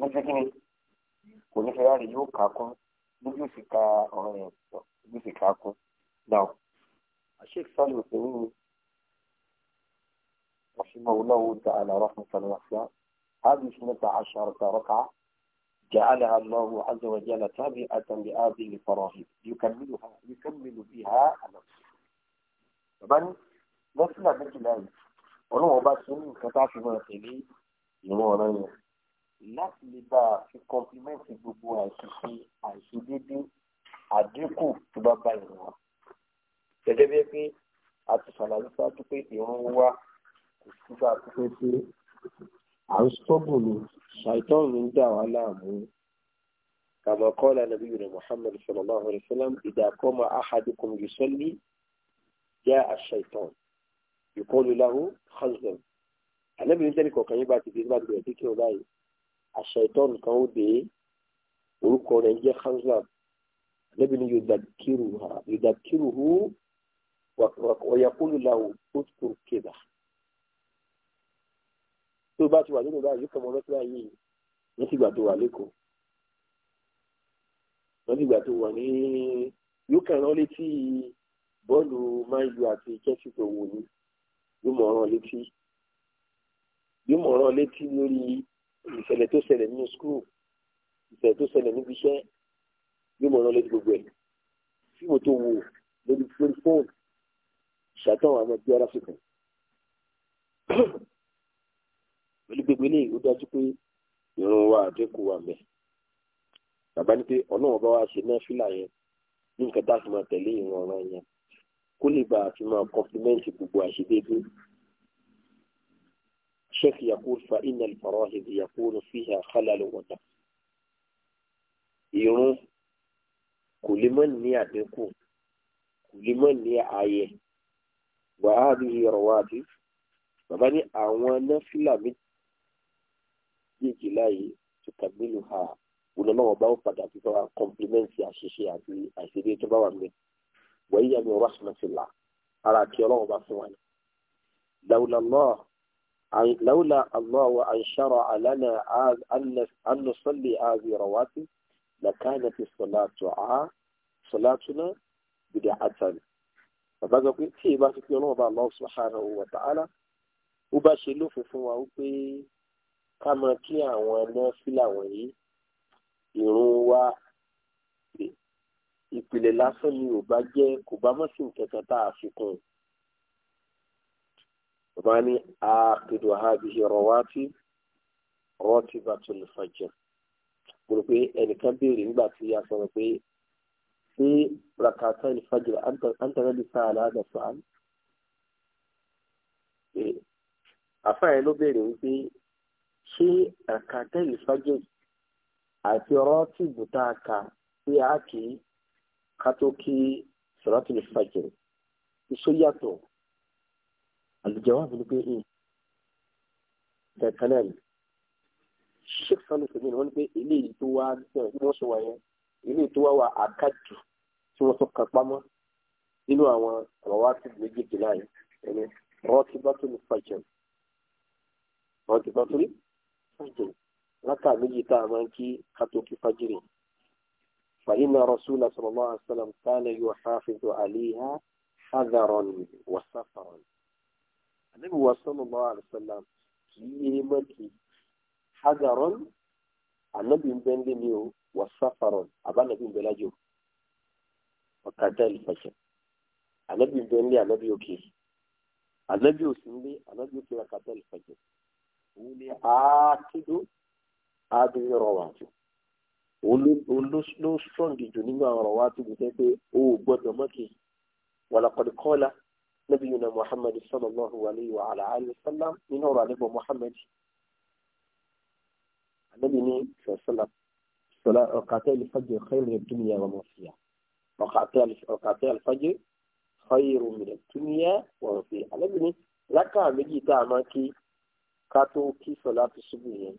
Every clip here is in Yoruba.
lójúkí ni kò رحمه الله تعالى رحمة واسعة هذه اثنتا عشرة ركعة جعلها الله عز وجل تابعة لهذه الفراغ يكملها يكمل بها نفسه طبعا نفسنا بالجلال ولو بس كتاب ما في لي ينور láti lè bá a fi kọ́pímẹ́ǹtì gbogbo àìsísí àìsídédé àdínkù tó bá bá ìrìn wa. gẹ́gẹ́ bí pé a ti ṣàlàyé ṣáájú pé ìrún wa kò sí bá a ti fẹ́ pé à ń sọ́gbọ̀n ní ṣàìtàn ní dà wá láàmú. كما قال نبينا محمد صلى الله عليه وسلم إذا قام أحدكم يصلي جاء الشيطان يقول له خزن النبي يقول لك وكان يبعث في ذلك àṣà ìtọ́nù kan ó dé orúkọ rẹ̀ jẹ́ Khazlab àlẹ́bí ni yudakiruhu wàyàkúlù làwọn òtún kébà tó bá ti wà nínú báyìí kọ́mọ lọ́tọ́ ayé wọ́n ti gbà tó wà lẹ́kọ̀ọ́ wọ́n ti gbà tó wà ní yóò kàn án létí bọ́ọ̀lù Man U àti Chelsea tó wò ní yóò mọ̀ ọ́n létí yóò mọ̀ ọ́n létí lórí ìṣẹ̀lẹ̀ tó ṣẹlẹ̀ nínú skul ìṣẹ̀lẹ̀ tó ṣẹlẹ̀ níbi iṣẹ́ yóò mọ̀ ọ́n lórí gbogbo ẹ̀ fíìmù tó wò lórí lórí fóònù ṣàtàn àwọn ẹgbẹ́ ara fìkan pẹ̀lú gbogbo eléyìí ó dájú pé irun wa àdínkù wà mẹ́ bàbá ní pé ọ̀nà ọba wa ṣe náà fìlà yẹn ní nǹkan tá a fi máa tẹ̀lé ìran ọ̀ràn yẹn kó lè bá fi máa kọ́ńpìmẹ́ǹtì gbogbo àṣedéédéé الشيخ يقول فإن الفراهد يكون فيها خلل ونقص irun kò lè mọ ní àdínkù kò lè mọ ní ààyè wàhálì ìrọwádì bàbá ní àwọn nọfìlà méjèèjìlá yìí tùkàgbélù ha olùlọ́wọ́ bá ó padà fi bá kọ́mplimẹ́ǹtì àṣìṣe àti àṣìṣe tó bá wà mí wọ́n yíyá mi wá sí la ara kí ọlọ́wọ́ bá fún wa ní. làwùlà لولا الله أن شرع لنا أن نصلي هذه الرواتب لكانت الصلاة صلاتنا بدعة bàbá sọ pé tí ìbá fi pé ọlọ́run bá Allah subhanahu wa ta'ala ó bá ṣe lófin fún wa wípé ká máa kí àwọn nọ́ọ̀fìlà wọ̀nyí ìrun wa ìpìlẹ̀ lásán ni ò bá jẹ́ kò bá mọ̀ sí nǹkan kan tá a fi kún un bàbá ní àkìdù àhábìhì rọwátì rọtì bàtún fàjẹ mo rò pé ẹnìkan béèrè nígbà tí a sọ̀rọ̀ pé ṣé rakata ìfàjẹ àǹtẹ̀rẹ́lì sáà láàdà sáà àfáà yẹn ló béèrè wípé ṣé rakata ìfàjẹ àti rọtì bùtáàkà pé a kì í ká tó kí sọ̀rọ̀ tó lè fàjẹ الجواب اللي بيه إيه كلام الشيخ صالح الدين هون بيه إليه توا موش وين إليه توا وأكدت شو سقط بما إنه هو رواتب نجيب جلاله يعني راتبة الفجر راتبة الفجر لك نجيتا مانكي خطوك فجري فإن رسول صلى الله عليه وسلم كان يحافظ عليها حذرا وسفرا ànábì wa sallallahu alaihi wasallam kì í yé mọ́kì hadaron ànábì ń bẹ́ lé ní o wà sáfaron àbánabi ń bẹ́ lájò ọ̀kadà ìfàjẹ́ ànábì ń bẹ́ lé ànábì òkè ànábì òsì ń lé ànábì òkè ọ̀kadà ìfàjẹ́ òun ni àákédo àádọ́yẹ rọwà òun ló strong jù nínú àwọn rọwà tó gbé mọ́kì wàlàkọ̀dìkọ́lá. نبينا محمد صلى الله عليه وعلى آله وسلم من هو نبي محمد النبي صلى الله عليه وسلم صلاة ركعتي الفجر خير من الدنيا وما وقاتل ركعتي الفجر خير من الدنيا وما فيها النبي ركع méjì tá a máa kí ká tó kí sọlá tó ṣubú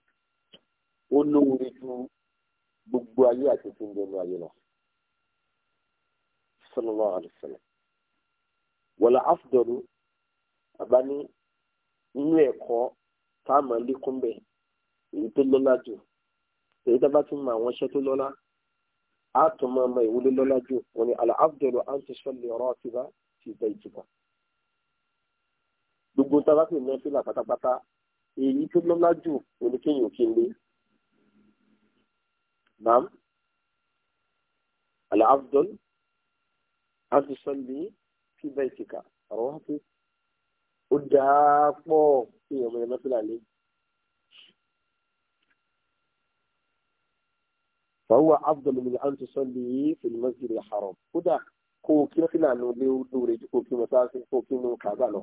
صلى الله عليه وسلم wọlé afdọ̀lù bàbá ní inú ẹ̀kọ́ táàmù lẹ́kúnbẹ̀ èyí tó lọ́lá jù èyí tá a bá ti mọ àwọn iṣẹ́ tó lọ́lá a tún máa mọ ìwúlé lọ́lá jù wọn ni àlọ́ afdọ̀lù à ń ti sọ́lẹ̀ ọ̀rọ̀ àtibá ti bẹ́ ìjìbá. gbogbo tá a ní fílà pátápátá èyí tó lọ́lá jù wọn ni lé. bàm àlọ́ afdọ̀lù à ti sọ́lẹ̀ fi bẹ́ẹ̀tìkà ọ̀rọ̀ wá pé ó dáa pọ̀ kí ọmọ ẹ̀ lọ́fíìlà lé. fàwọn afdal min an tusalli fil masjid al haram kódà kó o kí lọ́fíìlà ló lé lóore kó o kí mo sáà sí kó o kí mo kàbà lọ.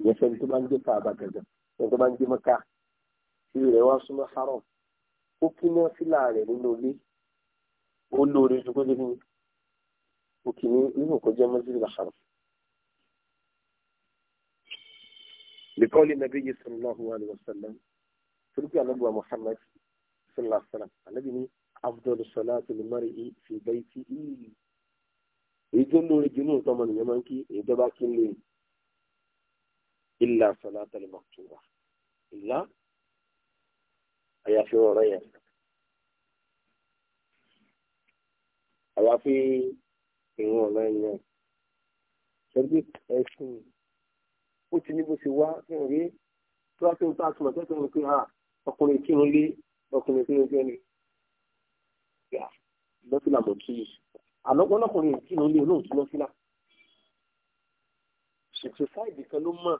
ìyẹn fẹ́ni tó bá ń gbé kàbà gẹ̀gẹ̀ fẹ́ni tó bá ń gbé mọ́ká sí rẹ̀ wá súnmọ́ haram ó kí lọ́fíìlà rẹ̀ nínú ilé ó lóore ju kó òkè ní ibò kọjá mọ́sílì làkàrà. lèkọ́lì nàbí yìí sallallahu alaihi wasallam turkey anabuwa muhammad sallallahu alaihi wasallam anabi ni afdol salatu limari i fi baiti i èyí tó lóore jù nínú tọmọ nìyẹn máa ń kí èyí tó bá kí ń lè illa salata al-maktuba illa àyàfi ọ̀rọ̀ yẹn àyàfi ìrún ọ̀nà ìyẹn ṣẹ́gbẹ́ ẹ̀sìn ó ti ní bó ṣe wá fún rí tó wá pé nípa àtúmọ̀ tẹ́tọ̀ ní pé ha ọkùnrin kí ló lé ọkùnrin kí ló gẹ́ni lọ́fílà mọ̀ kí àlọ́gbọ́n lọ́kùnrin kí ló lé olóòtú lọ́fílà ṣètòsáìdì kan ló mọ̀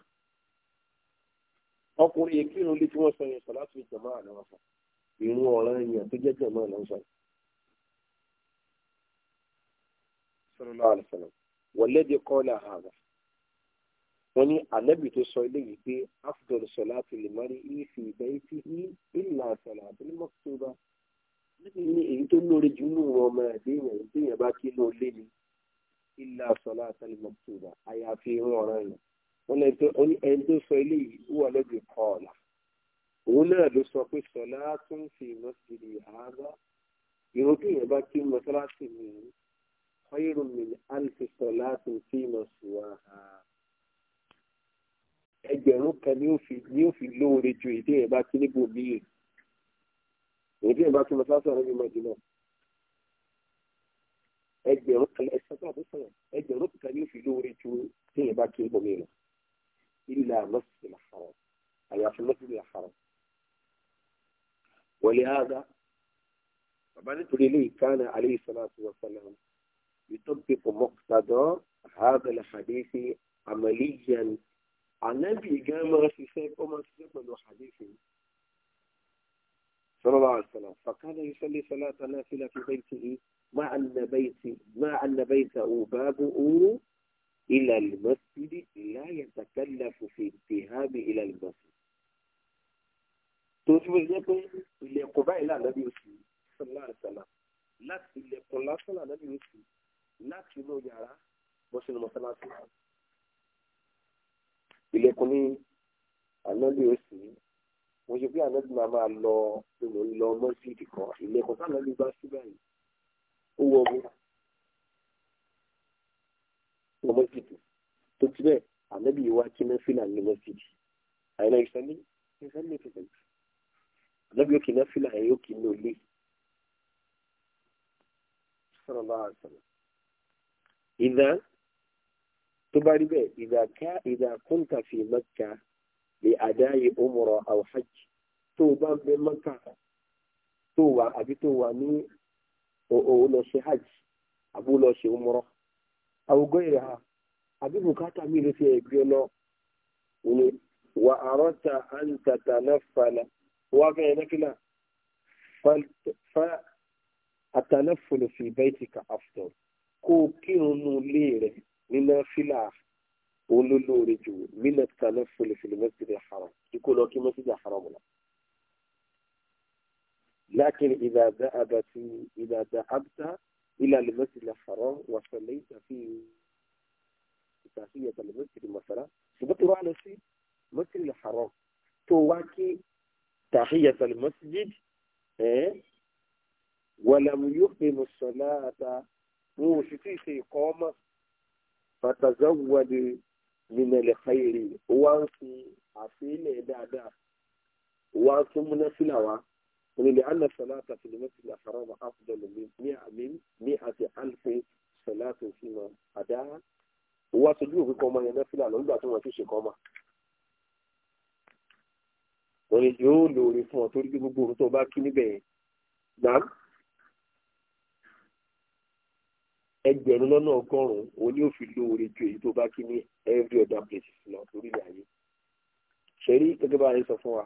ọkùnrin kí ló lé tí wọ́n sọ yẹn sọ láti jẹ̀mọ́ àlọ́ wọn sọ ìrún ọ̀ràn yẹn tó jẹ́ jẹ̀mọ́ àlọ́ wọn sọ yẹn. sallallahu alaihi wasallam walladhi qala hadha wọ́n ní ànábì tó sọ eléyìí pé afdal salati lil mar'i fi baytihi illa salatul maktuba níbi ní èyí tó lóore jù nínú ọmọ ẹ̀dẹ́yìn ẹ̀dẹ́yìn bá kí ló lé ní illa salatul maktuba àyàfi irun ọ̀ràn yẹn wọ́n ní ẹni tó sọ eléyìí wà lọ́dún kọ́ọ̀là òun náà ló sọ pé sọlá tún fi ìmọ̀ sí i àádọ́ ìròkè bá kí mọ́sálásì خير من ألف صلاة فيما سواها ẹgbẹ̀rún kan ni ó fi ni ó fi lóore ju èdè ẹ̀ bá ti níbo míì èdè ẹ̀ bá ti lọ sásán níbi mọ̀jìnà ẹgbẹ̀rún kan ẹ̀sán tó àbúsàn ẹgbẹ̀rún kan ni ó fi lóore ju èdè ẹ̀ bá ti níbo míì lọ ilà mọ́sí làfàrọ̀ àyàfi mọ́sí làfàrọ̀ wọlé ága bàbá nítorí eléyìí kánà alayhi salatu wa salam. يطبق مقتضى هذا الحديث عمليا عن النبي جامع في سيف سيف من الحديث صلى الله عليه وسلم فكان يصلي صلاة نافلة في بيته مع أن بيت مع أن بيته بابه إلى المسجد لا يتكلف في الذهاب إلى المسجد. توجب يقول اللي قبائل النبي صلى الله عليه وسلم لا اللي قلنا صلى الله عليه وسلم láti inú yàrá bọ́ sínú mọ́sálásí. ilẹ̀kùn ní ànọ́lì òsì mo ṣe pé ànọ́lì máa máa lọ nínú lọ mọ́sídìí kan ilẹ̀kùn sànọ́lì bá síbẹ̀ yìí ó wọ ọmọ lọ mọ́sídìí tó ti bẹ́ẹ̀ ànọ́lì yìí wá kí náà fìlà ní mọ́sídìí àyìnlá ìsẹ́lẹ̀ ìsẹ́lẹ̀ ìsẹ́lẹ̀ ànọ́lì yóò kí náà fìlà yóò kí ní olè sọ̀rọ̀ bá a sọ̀rọ̀ ìdá tó bá rí bẹ́ẹ̀ ìdá ká ìdá kúńtà fi mẹ́ka lè àdáyé òmùrọ̀ àwòhajj tó bá ń bẹ mẹ́ka tó wà àbí tó wà ní òun lọ ṣe hajj àbú lọ ṣe òmùrọ̀ àwùgọ́ ìrà àbí bùkátà mi ló fi ẹ̀gbẹ́ lọ ni wà àrọ́ta àǹtàtà náà fàlà wà bẹ́ẹ̀ nákìlá fa àtànáfòlò fi bẹ́ẹ̀ ti ka àfùtọ̀ kó o kírun nù ilé rẹ nínú fílà òun ló lóore jù nínú tànà fòlèfòlè mẹsìlẹ haram kíkó lọ kí mẹsìlẹ haram mọ. لكن إذا في إذا ذهبت إلى المسجد الحرام وصليت فيه تحية المسجد مثلا سبتوا على شيء المسجد الحرام تواكي تحية المسجد إيه ولم يقم الصلاة wọn ò sì tíì ṣe ìkọ́ ọmọ fatazawwadi minẹlẹ xayiri ó wá ń fi àfihàn dáadáa ó wá ń tún múná sílà wá onílé anna salata filimẹsì lafarama afudọlù mi àmì mi àti alfi salata fima àdá ó wá sojú òfin kọ́ ọmọ yẹn náà sílà lọ́gbà tó wọn ti ṣe kọ́ ọmọ. wọn yóò lóore fún ọ torí gbogbo orun tó bá kí níbẹ̀ yẹn gbàm. ẹgbẹ̀rún lọ́nà ọgọ́rùn-ún òní ò fi lóore ju èyí tó bá kí ní every other place lọ lórílẹ̀ ayé ṣẹ̀rí gẹ́gẹ́ bá yẹn sọ fún wa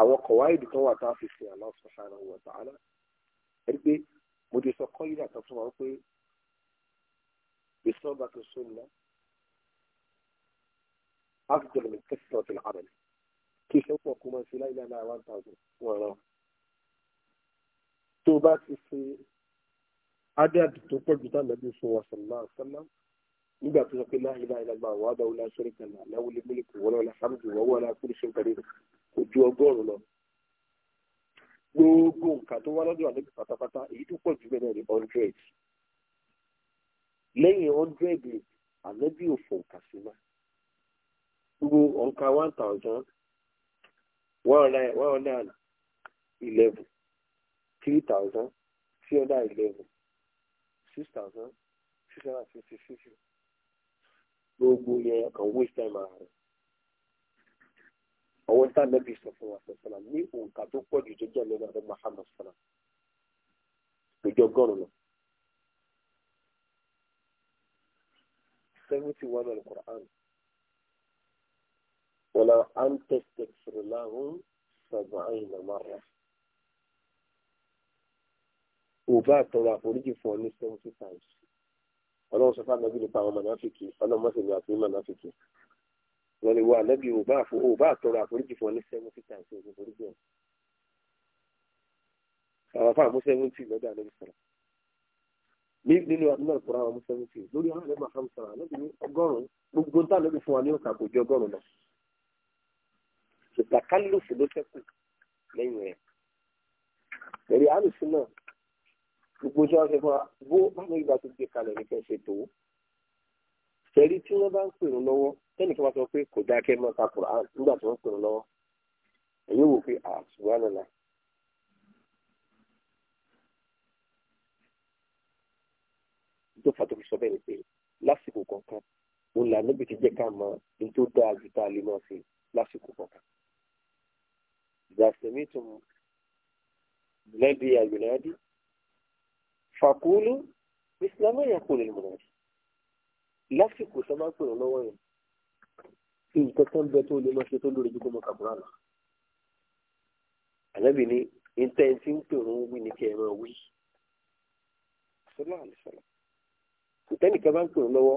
àwọn kọ̀wá ìdí kan wà tá a fi sin Allah subhanahu wa ta'ala ẹni pé mo ti sọ kọ́ yìí àtàkùn fún wa pé ìsọ́ba tó sọ́nà afdal min kasrati al-amal kí iṣẹ́ pọ̀ kó máa ṣe láìláìláì one thousand wọn rán tó bá ti ṣe ádàbì tó pọ̀ jù tánàbí fún wa sallallahu alaihi wasallam nígbà tó sọ pé la ilaha illallah wahdahu la sharika lahu lahul mulku wa lahul hamdu wa huwa ala kulli shay'in qadir kò ju ọgọ́rùn-ún lọ. gbogbo nǹkan tó wá lọ́dọ̀ àlejò pátápátá èyí tó pọ̀ jù bẹ́ẹ̀ náà ní hundred lẹ́yìn hundred àlẹ́bí ò fò kà sí ma gbogbo ọ̀nkà one thousand one hundred eleven three thousand three hundred eleven. six thousand six hundred and fifty six gbogbo yẹn kàn waste time ara rẹ̀ àwọn tá a nẹ́bí sọ fún wa sọ̀sọ̀nà ní òǹkà tó pọ̀ jù tó jẹ́ lẹ́nu àti Muhammad sọ̀nà lójú ọgọ́rùn lọ. seventy one al-Qur'an wala an tastaghfir lahum sab'ina marra. ò bá tọrọ àforíjì fún ọ ní seventy times ọlọ́run sọ fún anábì nípa àwọn mọ̀nàfìkì ọlọ́run mọ́sẹ̀ ní àfihàn mọ̀nàfìkì wọ́n lè wọ anábì ò bá tọrọ àforíjì fún ọ ní seventy times ò ní foríjì ọ̀ àwọn afáà mú seventy lọ́dọ̀ anábì sọ̀rọ̀ nínú àdúrà ìkura àwọn mú seventy lórí àwọn ẹgbẹ́ àfáà sọ̀rọ̀ anábì ní ọgọ́rùn-ún gbogbo táwọn anábì fún wa ní òkà kò ju ọgọ́rùn-ún lọ ìtàkálùfù ló ṣẹ́kù lẹ́yìn rẹ̀ èrè àlùfù náà gbogbo tí wọ́n ṣe fún wa bó báwo ìgbà tó gbé kalẹ̀ ní kẹsẹ tó ṣẹlí tí wọ́n bá ń pèrò lọ́wọ́ tẹnìkan bá sọ pé kò dáa kẹ mọ kakura nígbà tí wọ́n ń pèrò lọ́wọ́ èyí wò pé àṣùwà ah, nana. tó fà tó fi sọ bẹ́ẹ̀ ni pé lásìkò kọ̀ọ̀kan òun là níbi tí jẹ́ ká mọ ní tó dáa ju tá a lè máa ṣe lásìkò kọ̀ọ̀kan. ìgbà sẹ́mi tó lẹ́bi àyùnáyádì fàkúlù ìsìlámù yẹn kò lè mọ̀ ọ́ lásìkò sọ máa ń pèrò lọ́wọ́ yẹn kí nǹkan kan bẹ tó lè máa ṣe tó lórí dúkọ́ mọ́ kàbúrà lọ. àlẹ́bí ni intanẹ́ẹ̀tì ń pèrò ń wí ní kí ẹ máa wí. sọlá àlùsọ̀lá ìtẹ́nìkan bá ń pèrò lọ́wọ́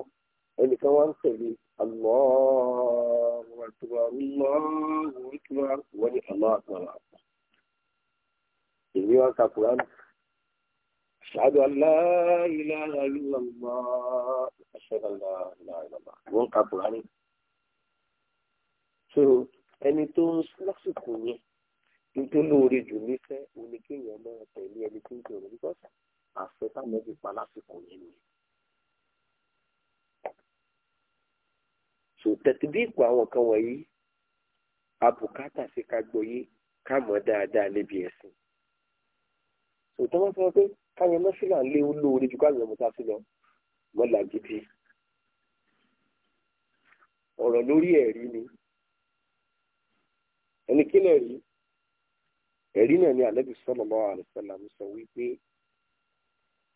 ẹnìkan wá ń tẹ̀lé Allahu akbar Allahu akbar wọ́n ní Allahu akbar. èmi wá ń ka Kùránì. أشهد أن لا إله إلا الله أشهد أن لا إله إلا الله wọ́n ka buhari so ẹni tó ń lásìkò yẹn ní tó lóore jù nífẹ̀ òní kéèyàn máa tẹ̀lé ẹni tó ń tẹ̀lé bíkọ́sì àṣẹ táwọn ẹbí pa lásìkò yẹn ni. so tẹ̀tí bí ipò àwọn kan wọ̀nyí abùkátà sí ká gbọ́yé ká mọ̀ dáadáa níbi ẹ̀sìn. so tọ́wọ́ sọ pé káyọ̀ nọ́fìlà ń lé olóore ju káyọ̀ ọmọ sáfì lọ mọ́là gidi ọ̀rọ̀ lórí ẹ̀rí ni ẹni kí lè rí ẹ̀rí náà ni ànábì sallallahu alaihi wasallam sọ wípé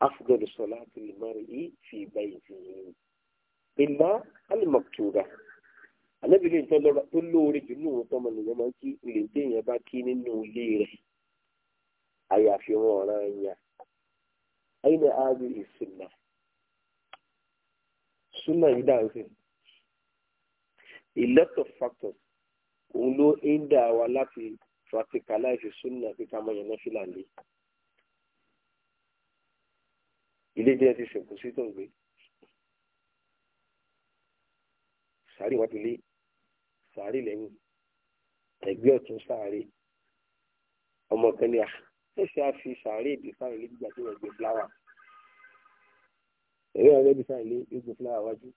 afdalu salati lil mar'i fi baytihi illa al-maktuba ànábì lè tọ́ lọ́ra tó lóore jù ní òun tọ́mọ nìyẹn máa ń kí lè dé bá kí nínú ilé rẹ̀ àyàfi wọn ọ̀ràn ẹ̀yàn aina hadhihi sunna sunna yìí dáhùn sí a lot of factors òun ló ń dà practicalize sunna kíkà kama yẹn náfìlà lé ilé díẹ̀ ti sèkú sí tó ń gbé sàárì wájú lé sàárì lẹ́yìn ọ̀tún sàárì ọmọ kan ní àná ṣẹ̀ṣẹ̀ á fi sàárè èdè sáré lé gbígbà tí wọ́n gbé fúláwà ẹ̀rọ ẹ̀rọ ẹ̀dì sáré lé yóò gbé fúláwà wájú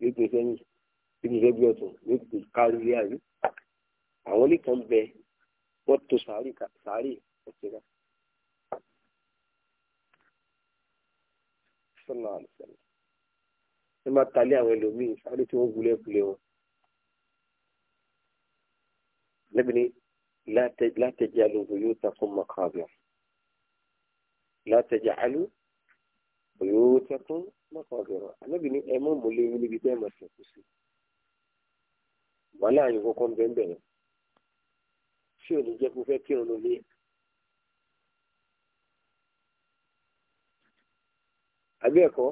yóò gbé sẹ́yìn yóò gbé sẹ́gbẹ́ ọ̀tún yóò gbé kárí ilé ayé àwọn ilé kan bẹ wọ́n tó sàárè ọ̀sẹ̀ náà. sọ́nà àlùfẹ́lẹ̀ ẹ máa talé àwọn ẹlòmíì sáré tí wọ́n gulẹ̀ gulẹ̀ wọn. lẹ́gbẹ̀ẹ́ لا تجعلوا بيوتكم مقابر لا تجعلوا بيوتكم مقابر النبي ni ẹ mọ mọlẹ yín níbi tẹ ẹ máa sẹkù sí wàhálà yìí kọkọ ń bẹ́ẹ̀ bẹ́ẹ̀ ṣé o ní jẹ́ kó fẹ́ kírun lórí ẹ̀ àbí ẹ̀kọ́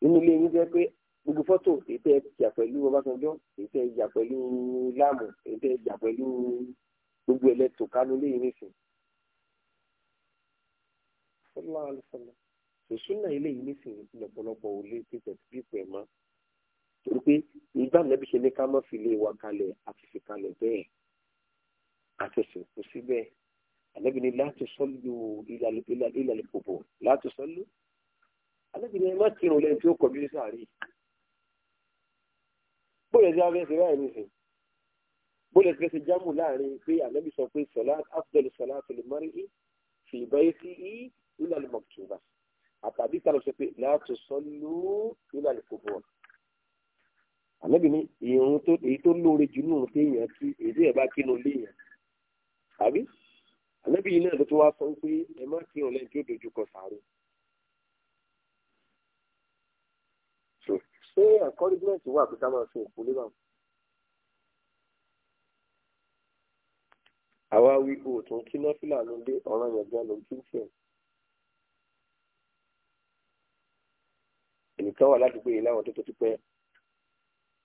nínú ilé yín jẹ́ pé gbogbo fọ́tò èyí tẹ́ jà pẹ̀lú Ọbásanjọ́ èyí tẹ́ jà pẹ̀lú Láàmù èyí tẹ́ jà pẹ̀lú gbogbo ẹlẹ́tò kánú lẹ́yìn nìsín. sòsúnà eléyìí nìsín lọ́pọ̀lọpọ̀ ò lè ti tẹ̀sí bí pẹ̀ mọ́ torí pé ìgbà mẹ́bí ṣe ní ká má fi lè wà kalẹ̀ àfìsì kalẹ̀ bẹ́ẹ̀ àfẹsẹ̀ kò sí bẹ́ẹ̀ àlẹ́bí ni láti sọ́lù ìlàlẹ́ yẹn tí wọ́n fẹ́ ṣe báyìí nìsín bóòlù ti fẹ́ ṣe jámù láàrin pé ànábì sọ pé sọlá afdal sọlá tòlè mọ́rí í fi ìbáyé sí í nílò àlùmọ̀ tùbà àtàbí tá a lọ sọ pé láti sọ lù nílò àlùkò bọ̀ ànábì ní ìrun tó èyí tó lóore jù nínú téèyàn kí èdè ẹ̀ bá kínú léèyàn àbí ànábì yìí náà tó wá sọ pé ẹ má kírun ṣé encouragement wà pé ká máa fi òkú lébà wọn. àwa wí òòtún kí nọ́fìlà ló dé ọ̀ràn yẹn gan ló ń kí ń fẹ̀. ẹnìkan wà ládùúgbò yìí láwọn tó tó ti pẹ́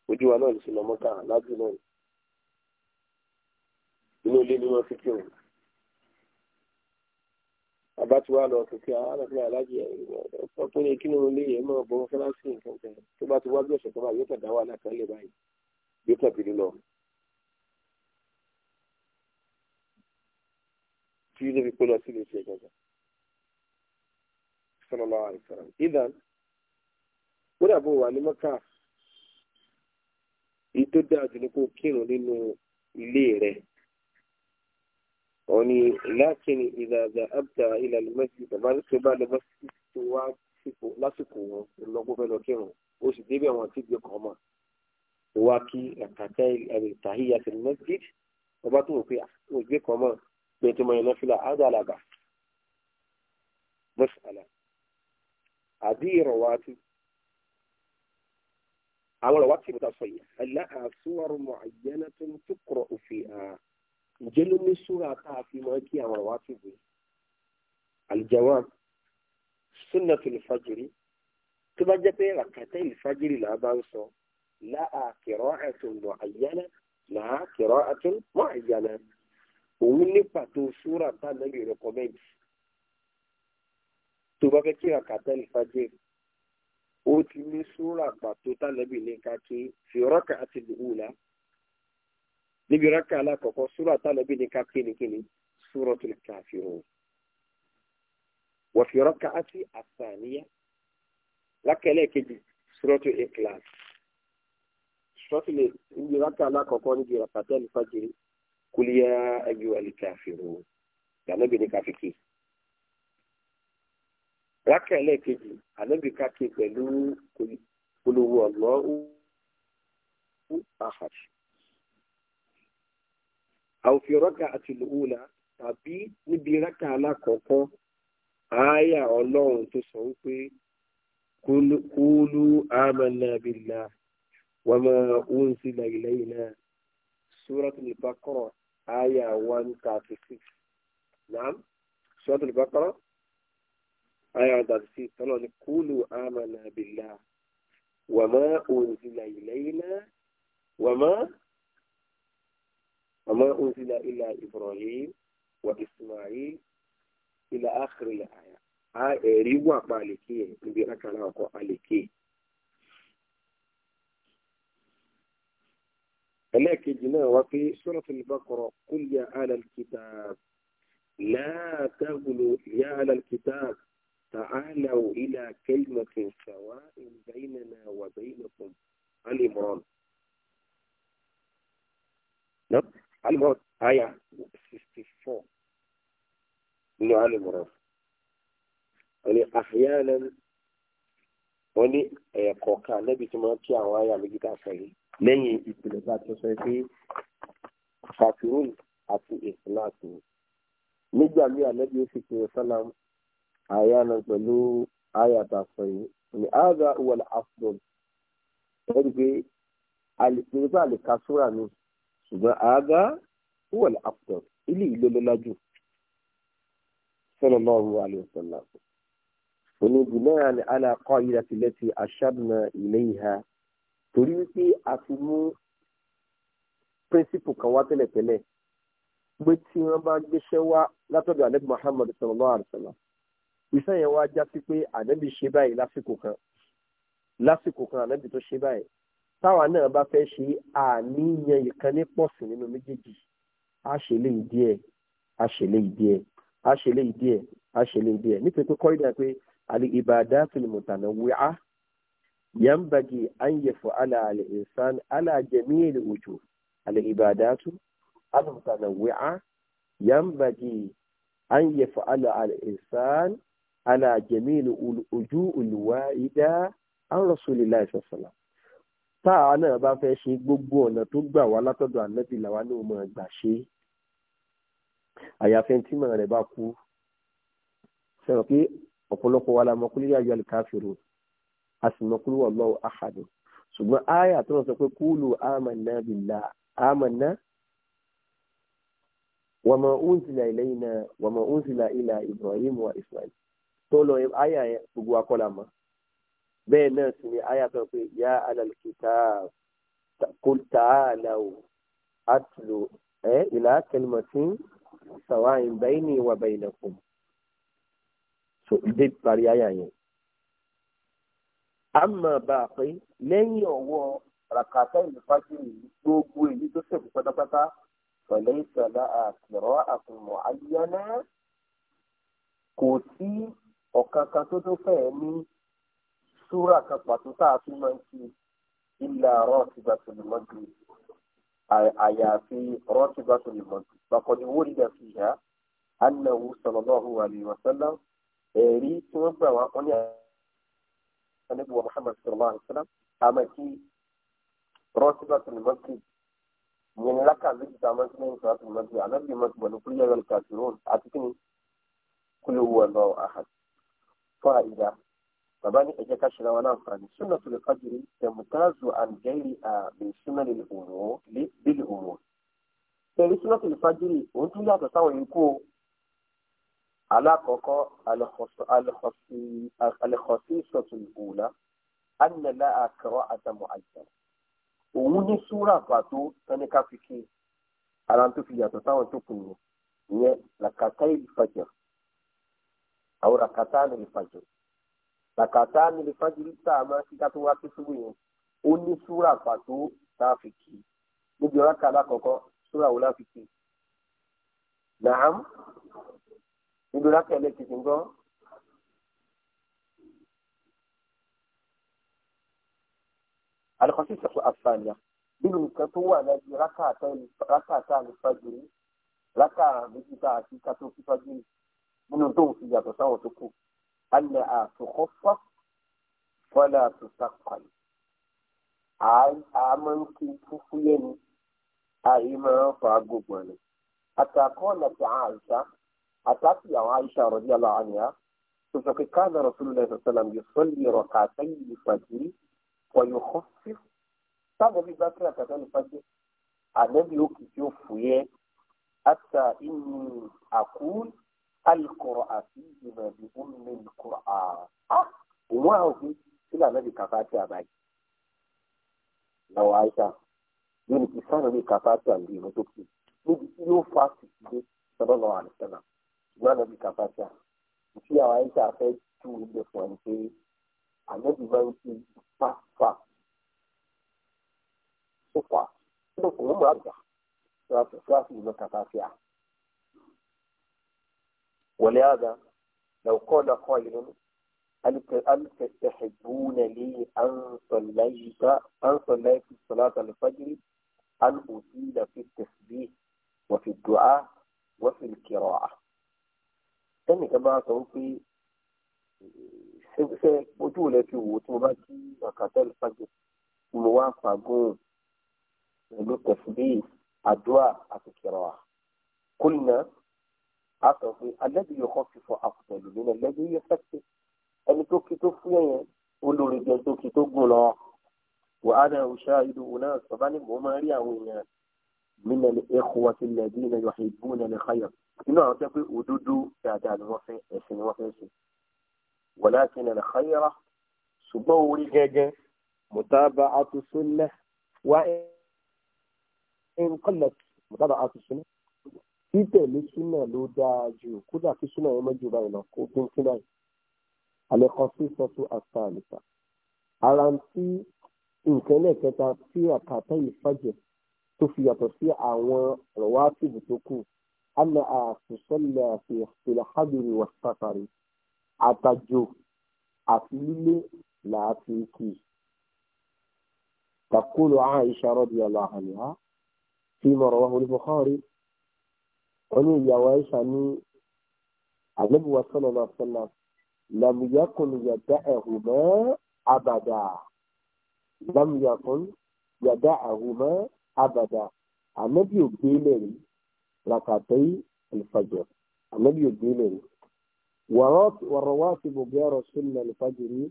ojú wa náà lè ṣe lọ́mọ́ta lájú náà inú ilé ni wọ́n fi kírun bàbá tí wàá lọ kìkì àwọn àlọ́fẹ́ alájẹ ẹ̀fọ́ tó ní kí ló ń lé yẹn mọ̀ bọ́ fẹ́láṣí nǹkan kan tó bá ti wá bí ọ̀sẹ̀ tó bá yóò tẹ̀dá wà láti ẹ̀lẹ́ báyìí yóò tẹ̀ bìrì lọ. tí yóò fi kó lọ sí ilé iṣẹ́ ìjọba sallallahu idan kódà bó wà ní mọ́kà èyí dáa jù ní kó kírun nínú ilé rẹ̀ wọ́n ní lákìn ìdàgbà abdá ilà lẹ́mẹ́sì bàbá tó bá lẹ́mẹ́sì tó wá lásìkò wọn lọ́gbọ́n fẹ́ lọ kírun ó sì débẹ̀ wọn tí gbé kọ́ mọ̀ ó wá kí àkàtà ẹ̀rẹ̀ tàhíyà tẹ̀lé mẹ́sì bàbá tó wò pé ah, ó gbé kọ́ tó mọ̀ yẹn lọ́fílà ádàlàgà mọ́sàlá àbí ìrọ̀wá tí àwọn ìrọ̀wá tí mo ta sọ tó ń tó kọ̀ òfin àá ǹjẹ́ ló ní súra tá a fi máa kí àwọn àwa ti wé aljawab sunnatul fajiri tó bá jẹ́ pé ràkàtà ìfajiri là bá ń sọ láà qira'atun mu'ayyana láà qira'atun mu'ayyana òun ní pàtó súra tá a lè rẹkọmẹ́ǹtì tó bá fẹ́ kí ràkàtà ìfajiri ó ti ní súra pàtó tá a lè ní ká kí àti ìlú wù níbi rákà alákọ̀ọ́kọ́ súrà tánàbí ní ká kínníkínní súratul kafirun wa fi raka'ati àtàníyá lákẹ́lẹ́ kejì súratul ikhlas sọ́tìlẹ̀ níbi rákà alákọ̀ọ́kọ́ níbi ràkàtà al-fajri kul ya ayyuhal kafirun tánàbí ní ká fi kí. rákẹ́lẹ́ kejì ànábì ká kí pẹ̀lú olówó ọ̀lọ́ ahad aw fi raka'atil ula tàbí níbi rákà alákọ̀ọ́kọ́ àáyà ọlọ́run tó sọ wípé kúlú amanna billah wa ma unzila ilayna suratul baqara àáyà one thirty six naam suratul baqara àáyà one thirty six tọ́lọ́ ni kúlú amanna billah wa ma unzila ilayna wa ma. وما أنزل إلى إبراهيم وإسماعيل إلى آخر الآية هاي ريوة بالكي نبينا كان أكو عليكي لكن جنا وفي سورة البقرة قل يا أهل الكتاب لا تغلوا يا أهل الكتاب تعالوا إلى كلمة سواء بيننا وبينكم عن عمران نعم alimọt aya sixty four nínú alimọt wọn ni àfihàn wọn ní ẹ̀kọ́ kan níbi tí wọ́n kí àwọn aya méjì ká sọ yìí lẹ́yìn ìpìlẹ̀ bá ti sọ pé kàfírún àti ìfúláàtì nígbà míì ànábì ó fi kiri sálám aya náà pẹ̀lú aya tá a afdol ẹni pé alìpínlẹ̀ bá lè ka súra ṣùgbọ́n àádá wọ́n àpọ̀ ilé ìlọ́lọ́lájú sallallahu alaihi wasallam. òní bùnáà ni alákọ̀ ìlà tilẹ̀ ti aṣáàbùnà ilé ìhà torí wípé a ti mú píríncípù kan wá tẹ́lẹ̀tẹ́lẹ̀ pé tí wọ́n bá gbéṣẹ́ wá látọ̀dọ̀ ànábì Muhammad sallallahu alaihi wasallam iṣẹ́ yẹn wá já sí pé ànábì ṣe báyìí lásìkò kan lásìkò kan ànábì tó ṣe báyìí táwa náà bá fẹ́ a ṣe lè díẹ̀ a ṣe lè díẹ̀ a ṣe lè díẹ̀ a ṣe lè díẹ̀ nítorí pé kọ́ ìdá pé àlè ìbàdà fìlìmùtànà wíwá yàmbàgì ànyẹ̀fọ́ àlà àlè ìsàn àlà jẹ̀míìlì òjò àlè ìbàdà tún àlùmùtànà wíwá yàmbàgì ànyẹ̀fọ́ àlà àlè ìsàn àlà táwa náà bá fẹ́ ṣe gbogbo ọ̀nà tó gbà wá látọ̀dọ̀ ànábì làwa náà mọ̀ gbà ṣe àyàfẹ́ tí mọ̀ rẹ̀ bá kú sọ̀rọ̀ pé ọ̀pọ̀lọpọ̀ wa la mọ̀ kúlẹ̀ yá yọ àlùkáfíìrù a sì mọ̀ kúlẹ̀ wallahu ahad ṣùgbọ́n àyà tó ń sọ pé kúlù amanna billah amanna wàmọ̀ unzila ilayna wàmọ̀ unzila ila ibrahim wa ismail tó lọ àyà yẹn gbogbo akọ́là mọ́ bẹ́ẹ̀ náà sì ni àyà kan pé yá alalikitab qul ta'alaw atlu ẹ̀ eh, ìlà kalimatin sawa'in bayni wa baynakum so dé parí àyà yẹn. àmọ́ bá a pé lẹ́yìn ọ̀wọ́ ràkàtà ìlú fájìrì gbogbo èyí tó ṣẹ̀kú pátápátá pẹ̀lú ìṣẹ̀lẹ̀ àkìrọ̀ àkùnmọ̀ ayélujára kò sí ọ̀kankan tó tó fẹ́ẹ̀ ní súrà kan pàtó tá a fi máa ń fi ilà ratibatul maghrib àyàfi ratibatul maghrib bàkọ́ni wọ́n rí dà fi hà annahu sallallahu alayhi wa sallam ẹ̀rí tí wọ́n gbà wá wọ́n ní ànábì wa muhammad sallallahu alayhi wa sallam àmọ́ kí ratibatul maghrib yẹn lákà méjì tá a máa ń sinmi sọ̀rọ̀ àtúntò mọ́tò ànábì mọ́tò bọ̀ ní kúlẹ̀ yẹn kàṣírò àti kí ni kúlẹ̀ wọ̀ lọ́wọ́ àhàd bàbá ní ẹ̀jẹ̀ ká ṣẹlẹ̀ wọn láǹfààní súnà tó lè kájúrí tẹ̀mùtáàzù àǹgẹ́rì àmì súnà lè òwò lé bílì òwò. pẹ̀lú súnà tó lè fájúrì òun tún yàtọ̀ sáwọn ikú o. alákọ̀ọ́kọ́ alẹ́kọ̀ọ́sí sọ̀tún ìhùwà ánìlá àkàrọ̀ àtàmọ̀ àjẹ́. òun ní súrà pàtó tẹ́nìkà fi kí ara tó fi yàtọ̀ sáwọn tó kù nìyẹn làkàtà ìlú àwọn làkàtà ìlú bàkàtà nílé fájìrì tá a máa kíkà tó wá pé síbò yẹn ó ní súrà pàtó tá a fi kì í níbi ọ̀rá kàdá kọ̀ọ̀kan súrà wo la fi kì í. nàám níbi ọ̀rá kẹlẹ̀ kìkì ń gbọ́. alikọsi sọsọ asanya nínú nǹkan tó wà lẹbi rákàtà alifajiri rákà méjì tá a ti kátó fífajiri nínú tó ń fi yàtọ̀ sáwọn tó kù. أنها تخفف ولا تثقل àmọ́ kí fúfú yẹn ni àyè máa ń fa gbogbo ẹni. àtàkọ́ láti àìsà àtàkì àwọn àìsà rọ̀bí aláàánìyá tó sọ pé káàdà rọ̀sùlù lẹ́sẹ̀ sọ́làm yóò sọ lè rọ̀ kàtà yìí fàjírí pọ̀yọ̀ kọ́ sí. sábà bí bá kíra kàtà ní fàjẹ́ ànábì òkè tí alukoro àti ìgbìmọ̀ ẹ̀bí ọmọ ìkoro àá òun àwọn òfin tí lànà bí kàfá tí a báyìí lọ́wọ́ àìsà yóò ní kí sáré bí kàfá tí a lè mú tó kù níbi tí yóò fa tìtìlé sọ́dọ̀ lọ́wọ́ àlùsánà ṣùgbọ́n àná bí kàfá tí a ìfi àwọn àìsà fẹ́ tú ilé fún ẹni pé àná bí máa ń ṣe fáfá sófà lókùnrin máa gbà láti ìlú kàfá tí a. ولهذا لو قال قائل هل تستحبون لي أن صليت أن صليت صلاة الفجر أن أطيل في التسبيح وفي الدعاء وفي القراءة ẹnì kan bá sọ pé ṣe ojú rẹ fi wò tí mo bá kí àkàtẹ́lì fàjẹ tí mo wá fàgùn pẹ̀lú tẹ̀síbí àdúrà àti kẹrọ̀à kúlìnà a sọ pé alẹ́bí yóò kọ́ fífọ àkùtẹ̀lù nínú ẹlẹ́bí yóò fẹ́ẹ́ ẹni tó kí tó fún yẹn olórí jẹ tó kí tó gùn lọ wà á dẹ òṣà ìlú náà bàbá ni mò ń rí àwọn èèyàn min al-ikhwati alladhina yuhibbuna al-khayr inú àwọn jẹ́ pé òdodo dáadáa ni wọ́n fẹ́ ẹ̀sìn ni wọ́n fẹ́ ṣe walakin al-khayra ṣùgbọ́n orí gẹ́gẹ́ mutaba'atu sunnah wa in qallat mutaba'atu sunnah títẹ̀lé súnà ló dáa jù kódà kí súnà yẹn mọ́jú báyìí lọ kó pínpín báyìí àlẹ́kọ́ sí sọ́tún àṣà àlùfà ara ń tí nǹkan lẹ́ẹ̀kẹta tí àkàtà yìí fàjẹ́ tó fi yàtọ̀ sí àwọn rọ̀wátìbù tó kù ana àfùsọ́lẹ̀ àfìlàhábìrì wà sàfàrì àtàjò àti lílé làáfi kì í. تقول عائشة رضي الله عنها فيما رواه البخاري wọ́n ní ìyàwó aisha ní àlẹ́bùwà sọ́nà sọ́nà làmìyàkùn yàdá ẹ̀hù mọ́ abàdà làmìyàkùn yàdá ẹ̀hù mọ́ abàdà ànábì ògbé lẹ́rìí ràkàtẹ́yì ìfàjọ ànábì ògbé lẹ́rìí wàrọ̀wátì gbogbo ẹ̀rọ sọ́nà ìfàjìrì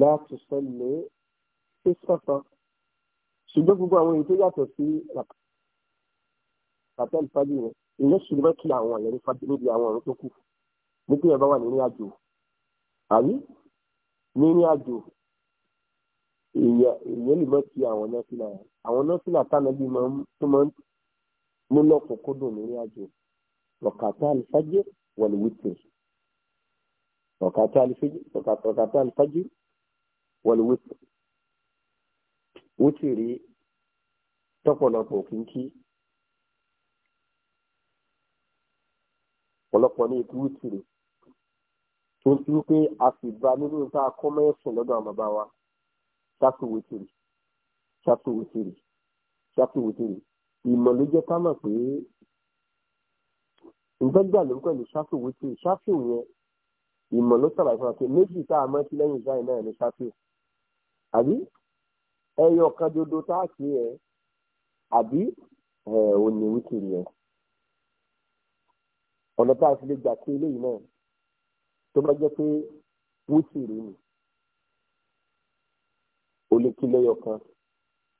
láti sọ́nà sísọ́fà ṣùgbọ́n gbogbo àwọn èyí tó yàtọ̀ sí ràkàtẹ́yì ìfàjìrì ìyẹn sì lè kí àwọn ọ̀yẹ́ níbi àwọn ọ̀run tó kù nígbà yẹn bá wà nínú àjò àbí nínú àjò ìyẹn lè mọ kí àwọn nọ́fìlà àwọn nọ́fìlà tánàbí tó máa ń mú lọ́kùnkúndùn nínú àjò ọ̀kàtà àlùfájẹ́ wọ̀lú wítìrì ọ̀kàtà àlùfájẹ́ wọ̀lú wítìrì wítìrì tọ́pọ̀lọpọ̀ kìí kí. ọ̀pọ̀lọpọ̀ ní ikú wítìrì tó ń ti wípé a sì bá nínú tá a kọ́ mẹ́sùn lọ́dọ̀ àwọn bàbá wa ṣáàtú wítìrì ṣáàtú wítìrì ṣáàtú wítìrì ìmọ̀ ló jẹ́ ká mọ̀ pé ìgbẹ́gbà ló ń pẹ̀lú ṣáàtú wítìrì ṣáàtú yẹn ìmọ̀ ló sàlàyé fún wa pé méjì tá a mọ̀ sí lẹ́yìn ìsáyìn náà ní ṣáàtú àbí ẹyọ kan dodo tá a kì í yẹn àbí ẹ̀ wítìrì yẹn ọ̀nà tá a fi lè gbà pé eléyìí náà tó bá jẹ́ pé wítìrì ni o lè kí lẹ́yọ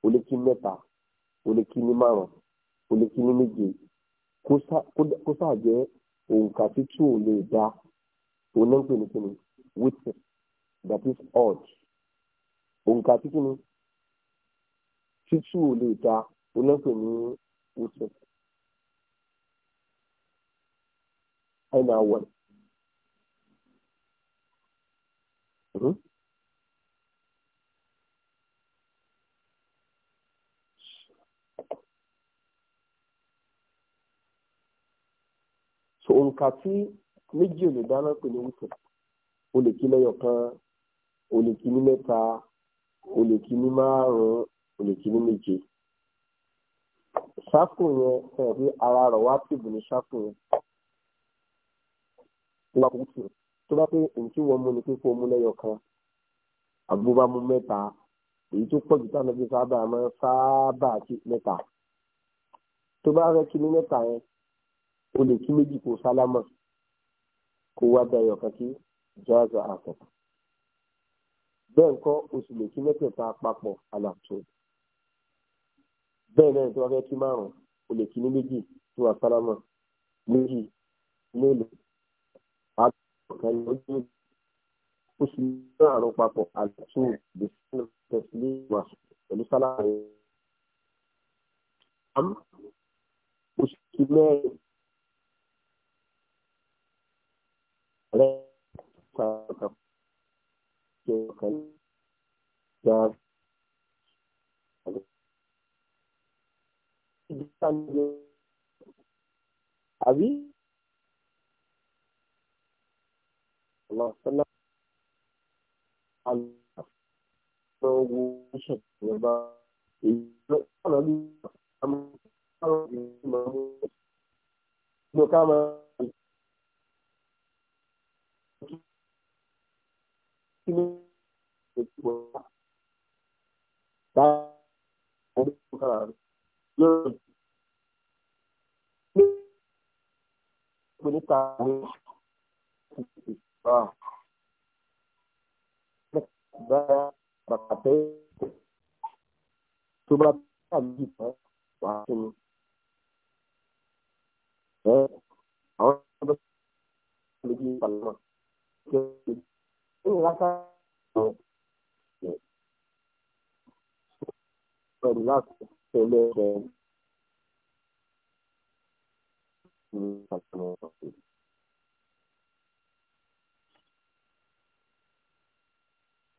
o lè kí mẹ́ta o lè kí ní márùn o lè kí ní méje kó sáà jẹ́ òǹkà tí ò lè dá òun ní kíni wítìrì that is odd òǹkà tí kíni tí tí ò lè dá òun ní wítìrì. أين أول hmm? so òǹkà tí méjì ò lè dáná pè ní wípé o lè kí lẹ́yọ̀ kan o lè kí ní mẹ́ta o lè kí ní márùn-ún o lè kí ní méje ṣáfù yẹn ẹ̀ rí ara rọ̀ wá tìbù ní ṣáfù yẹn wá kó tù tó bá pé nǹkí wọn mú ni pé kó mú lẹ́yọ kan àbúbá mú mẹ́ta èyí tó pọ̀ jù táwọn ẹbí sábà máa ń sábà kí mẹ́ta tó bá rẹ kí ní mẹ́ta yẹn o lè kí méjì kó sálámà kó wá da ẹyọ kan kí jáàzà àtọ̀ bẹ́ẹ̀ ńkọ́ o sì lè kí mẹ́tẹ̀ẹ̀ta papọ̀ àlàtò bẹ́ẹ̀ náà tó bá fẹ́ kí márùn o lè kí méjì tó wà sálámà méjì mélòó kan lójú oṣù márùn papọ̀ àdàtún ìgbésílẹ̀ tẹ̀sílẹ̀ ìwà pẹ̀lú sálárì. oṣù mẹ́rin rẹ̀ kàkà jẹ́ kan gba àbí. sallallahu alaihi wasallam alọ́wọ́ ìṣèjọba ìlú ọ̀nà bí àmọ́ ìmọ̀ ìlú ká máa kí ni ba ba bakatai to ba eh a wani ba su ji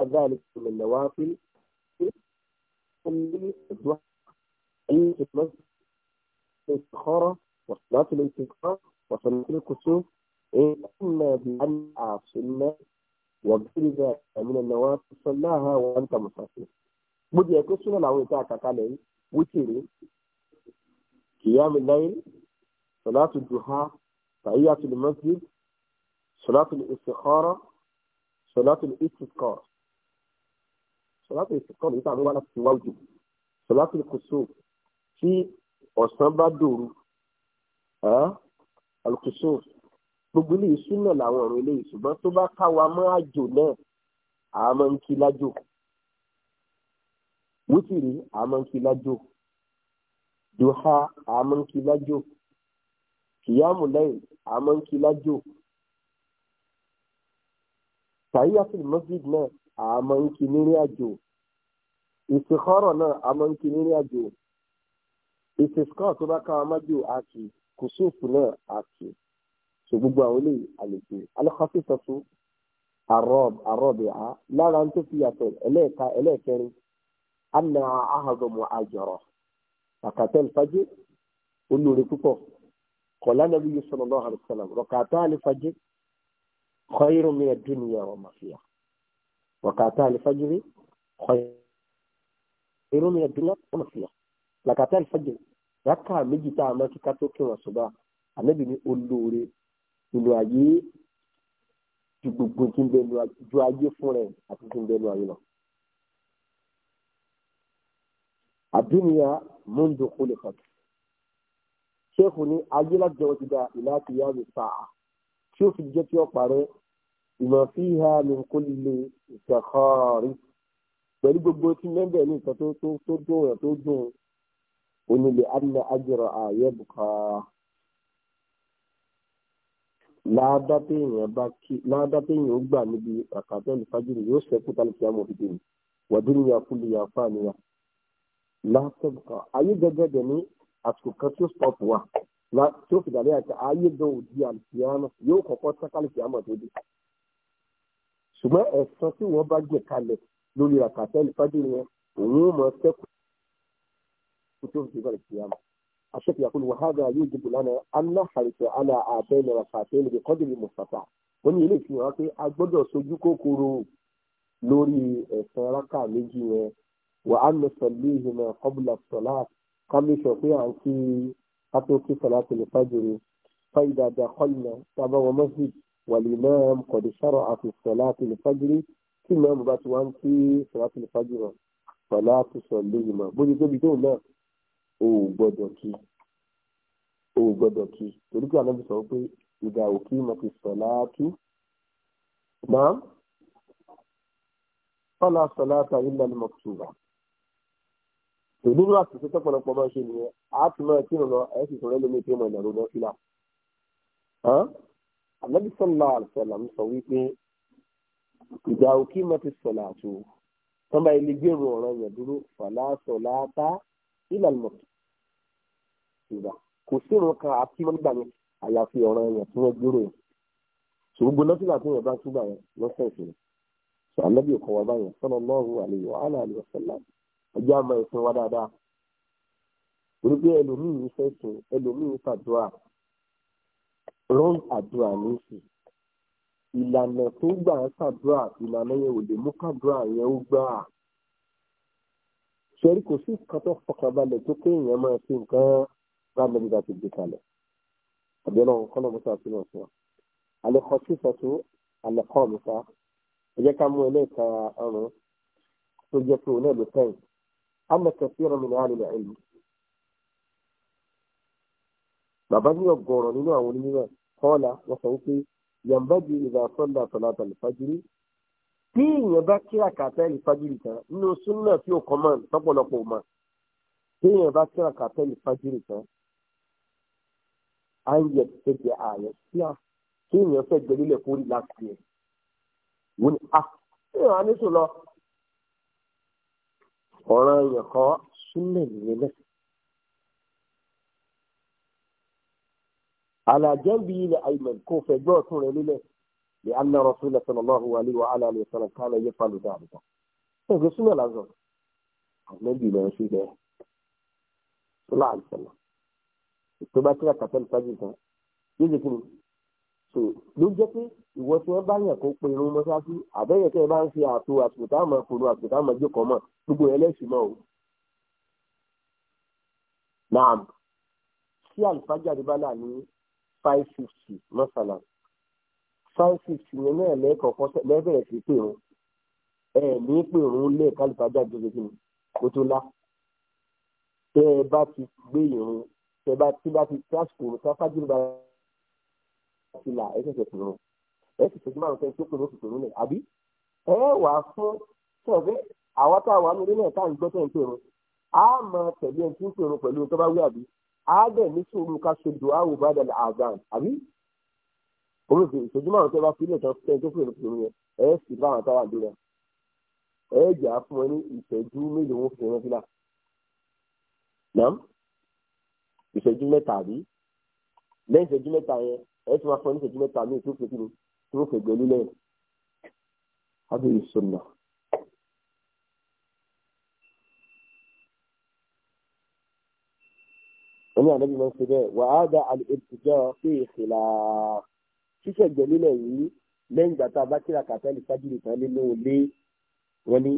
ذلك من نوافل النوافل الاستخارة وصلاة الانتقام وصلاة الكسوف إما بأن أعصينا وغير ذلك من النوافل صلاها وأنت مسافر بدي أكون سنة لو يتاكا كالي وتيري قيام الليل صلاة الضحى تحية المسجد صلاة الاستخارة صلاة الاستذكار sọlátù ìsìnkọ́nù yìí tàbí wà láti wájú sọlátù ìkùsù tí ọ̀sán bá dòru alùkùsù gbogbo ilé ìsúná làwọn ọ̀rọ̀ ilé ìṣùgbọ́n tó bá káwa mọ́ àjò náà àá máa ń kí lájò wítìrì àá máa ń kí lájò duha àá máa ń kí lájò kìyàmù lẹ́yìn àá máa ń kí lájò tàyíyàtì mọ́síd náà àmọ́ ń kí nírìn àjò ìsìkọ́rọ̀ náà àmọ́ ń kí nírìn àjò ìsìkọ́ tó bá káwọn májò àti kùsùfù náà àti ṣe gbogbo àwọn eléyìí àlejò alákọ̀ọ́sí sọ fún àrọ́ọ̀bù àrọ́ọ̀bù à lára ń tó fi yàtọ̀ ẹlẹ́ẹ̀ka ẹlẹ́ẹ̀kẹrin anna ahadọ̀mù àjọrọ̀ àkàtẹ́ ìfajẹ́ olóore púpọ̀ kọ̀lá nàbí yusuf sallallahu alaihi wasallam rọ̀kàtà àlìfajẹ́ khairun min ad-dunya wa ma fiha. وقاتا الفجر خير من الدنيا وما فيها لقاتا الفجر ركع méjì tá a máa kí ká tó kírun àṣùbà ànábì ní olóore nínú ayé ju gbogbo tí ń bẹ lu ju ayé fún rẹ àti tí ń bẹ lu ayé lọ. àdúnyà múndùn lima fiha min kulli ìṣàkọ́ọ̀rí pẹ̀lú gbogbo tí mẹ́bẹ̀ ní nǹkan tó tó tó dùn rẹ̀ tó dùn onílé anna ajra ààyè bùkà láàdá téèyàn ó gbà níbi àkàtọ́ ìfàjìrì yóò ṣẹ́kù tálíkì amòfìdì wàdúnyà kúlì àfààníyà látọ̀bùkà ayé gẹ́gẹ́ dẹ̀ ní àsìkò kan tí ó stop wà tí ó fìdálẹ́ àti ayé gan òdi àlùfíàmù yóò kọ́kọ́ tán kálífíàmù tó dé ṣùgbọ́n ẹ̀san tí wọ́n bá gbé kalẹ̀ lórí àkàtẹ́ ìfájú yẹn òun ò mọ sẹ́kù tó tó fi bẹ̀rẹ̀ sí àmọ́. الشيخ يقول وهذا يوجب لنا أن نحرص على آتين ركعتين بقدر المستطاع wọ́n ní ilé ìfihàn pé a gbọ́dọ̀ sojú kòkòrò lórí ẹ̀sán rákà méjì yẹn wà á lọ sọ̀lú ìhìnà qabla salat kábíyèsọ̀ pé à ń kí kátó kí sọ̀lá tẹ̀lé fájòrò fáyidàdà kọ́lìnà tábà wọn mọ́sídì والإمام قد شرع في صلاة الفجر كما مباتوان في صلاة الفجر فلا تصليهما بودي تبي تونا أو بدوكي أو بدوكي تقول أنا بسوي إذا أقيمت الصلاة نعم فلا صلاة إلا المكتوبة tòdúrà sì ṣe tọ́pọ̀lọpọ̀ máa ṣe nìyẹn àá ti máa kírun lọ ẹ̀ sì sọ̀rọ̀ ẹlòmíì tí ó mọ ìlànà òun náà fi ànábì sọlá àlùsọlá sọ wípé ìgbà òkè mọtì sọlá àti o tọ́ba ilé gbèrò ọ̀rọ̀ yẹn dúró fàlà sọlá tá ìlànà mọ̀tò ìgbà kò sí ìrun kan àti mọ́nígbà yẹn àyàfi ọ̀rọ̀ yẹn tí wọ́n gbèrò yẹn ṣùgbọ́n gbọ́n lọ́sílà tí wọ́n bá túbà yẹn lọ́sẹ̀ ìṣẹ̀lẹ̀ sọ ànábì òkò wọn báyẹn sọlá lọ́hùn àlèyé wàhálà àlèyé sọlá ẹjẹ́ wrong àdúrà ní sí ìlànà tó gbà ń ṣàdúrà ìlànà yẹn ò lè mú kàdúrà yẹn ó gbà á ṣẹ́rí kò sí nǹkan tó fọkànbalẹ̀ tó pé èèyàn máa fi nǹkan bá mi nígbà tó gbé kalẹ̀ àbíọ́nà kọ́nà mọ́tò àfihàn fún wa àlẹ́kọ̀ọ́ tí ìfọ̀tò àlẹ́kọ́ mi fa ẹ jẹ́ ká mú ẹlẹ́ẹ̀ka ọ̀run tó jẹ́ pé òun náà ló tẹ̀yìn á mọ̀ ọ̀rọ̀ mi ní àlè bàbá ní ọgọrọ nínú àwọn onímọ̀ kọ́ọ̀lá wọ́n sọ wípé yambadi ìdá sọ́ndà tọ́látà lùfájírí bí èèyàn bá kíra kàtẹ́ lùfájírí tán nínú súnà tí ò kọ́ mọ̀ tọ́pọ̀lọpọ̀ mọ̀ bí èèyàn bá kíra kàtẹ́ lùfájírí tán á ń yẹ tètè ààyè sí à kí èèyàn fẹ́ gbẹ̀lélẹ̀ kó rí láti yẹ wọ́n ni à èèyàn á ní sùn lọ ọ̀ràn èèyàn kọ́ súnà nìyẹn náà. àlàjẹ́bí ilẹ̀ àìmọ̀n kò fẹ̀gbẹ́ ọ̀tún rẹ̀ lílẹ̀ lè anna rasulillah sallallahu alayhi wa alayhi wa sallam kánà yẹ falu dáadáa ẹgbẹ́ súnmọ́ làzọ àmẹ́bí lọ sí bẹ́ẹ̀ sọlá àìsàn tó bá kíra kàtẹ́lì fájì kan yóò jẹ́ kí ni so ló jẹ́ pé ìwọ tí wọ́n bá yàn kó pe irun mọ́ṣáláṣí àbẹ́yẹ tẹ́ ẹ bá ń fi àtò àsìkò táwọn ọkùnrin àsìkò táwọn ọjọ́ kan mọ̀ gbogbo ẹ lẹ́sìn mọ́ o. naam ṣé àlùfájà àdébálà ní five fifty mọ́sálà five fifty yẹn náà lẹ́ẹ̀kọ̀ọ̀kan lẹ́ẹ̀bẹ̀rẹ̀ sí pé òun ẹ̀ ní pé òun lé kálífàjà jẹ́jẹ́ kí ni kó tó lá tẹ́ ẹ bá ti gbé ìrun tẹ́ bá ti bá ti tásìkò sáfájú bá ti là ẹ ṣẹ̀ṣẹ̀ pè òun ẹ sì ṣẹ́jú márùn-ún tó pè òun sì pè òun lẹ̀ àbí ẹ wà fún sọ̀rọ̀ àwọn táwọn amúlé náà táwọn gbọ́ tẹ̀ ń pè òun á mọ tẹ̀lé ẹni tí ń pè pẹ̀lú tó bá wí àbí àádọ́ ní sùúrù ká ṣe dùn áwò bá dàlẹ́ àgbàn àbí òun fi ìṣojú márùn tó bá fi ilé tán fẹ́ tó fèrè fèrè yẹn ẹ sì bá àwọn táwọn àdúrà ẹ jà fún ẹ ní ìṣẹ́jú mélòó wọn fi rántí là nàám ìṣẹ́jú mẹ́ta àbí lẹ́yìn ìṣẹ́jú mẹ́ta yẹn ẹ ti máa fọ ní ìṣẹ́jú mẹ́ta ní ìtòkè kí ni tí wọ́n fẹ́ gbẹ́lú lẹ́yìn. wọn ní ànábì máa ń ṣe bẹ́ẹ̀ wà á dá àlùfẹ́tìjọ́ pé ìṣẹ̀lá ṣíṣẹ̀gbẹ́ nílẹ̀ yìí lẹ́yìn ìgbà tá a bá kíra kàtẹ́lì fájìlì tán nínú ilé wọn ní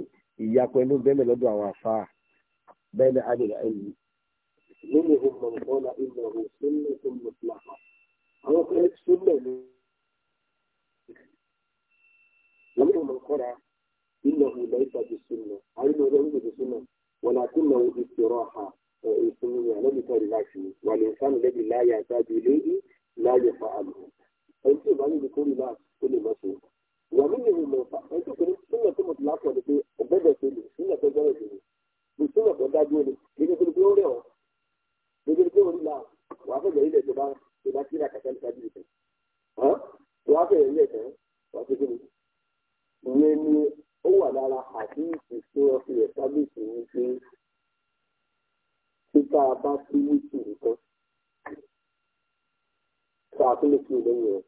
ìyapọ̀ ẹnu bẹ́ẹ̀ lọ́dọ̀ àwọn àfa bẹ́ẹ̀ ni àdìrà ẹ̀yìn nínú ìhùmọ̀ ìfọ́nà ìmọ̀ ọ̀hún sínú ìhùmọ̀ ìfúnàfà àwọn kan sílẹ̀ ní لم يؤمن قرع إنه ليس بالسنة ìpinnu ni àlọ́ nìkan rí láti wà ní sánú lẹ́bi láyà àtàbí ilé yìí láyà fa àmì ẹni tí ìbá níbi kó rí náà ó lè mọ́ṣe wà mí ni mo fa ẹni tó kéré sílẹ̀ tó mọ̀ tó lápò ni pé ọ̀gbẹ́dẹ̀ tó lè sílẹ̀ tó gbọ́dọ̀ jù ní sílẹ̀ tó dájú ó lè gẹ́gẹ́ bí ó rẹ̀ ọ́ gẹ́gẹ́ bí ó rí wà á fẹ̀yẹ̀ ilẹ̀ tó tó bá kíra kàtà ní sábì ìfẹ́ wà á fẹ̀yẹ̀ ilẹ̀ tán wà á fẹ́ kí ni ó wà lára àti ìṣòro fi ẹ̀ sábì a bá fi wíìkì nìkan tá a tún lè fi lẹ́yìn rẹ̀.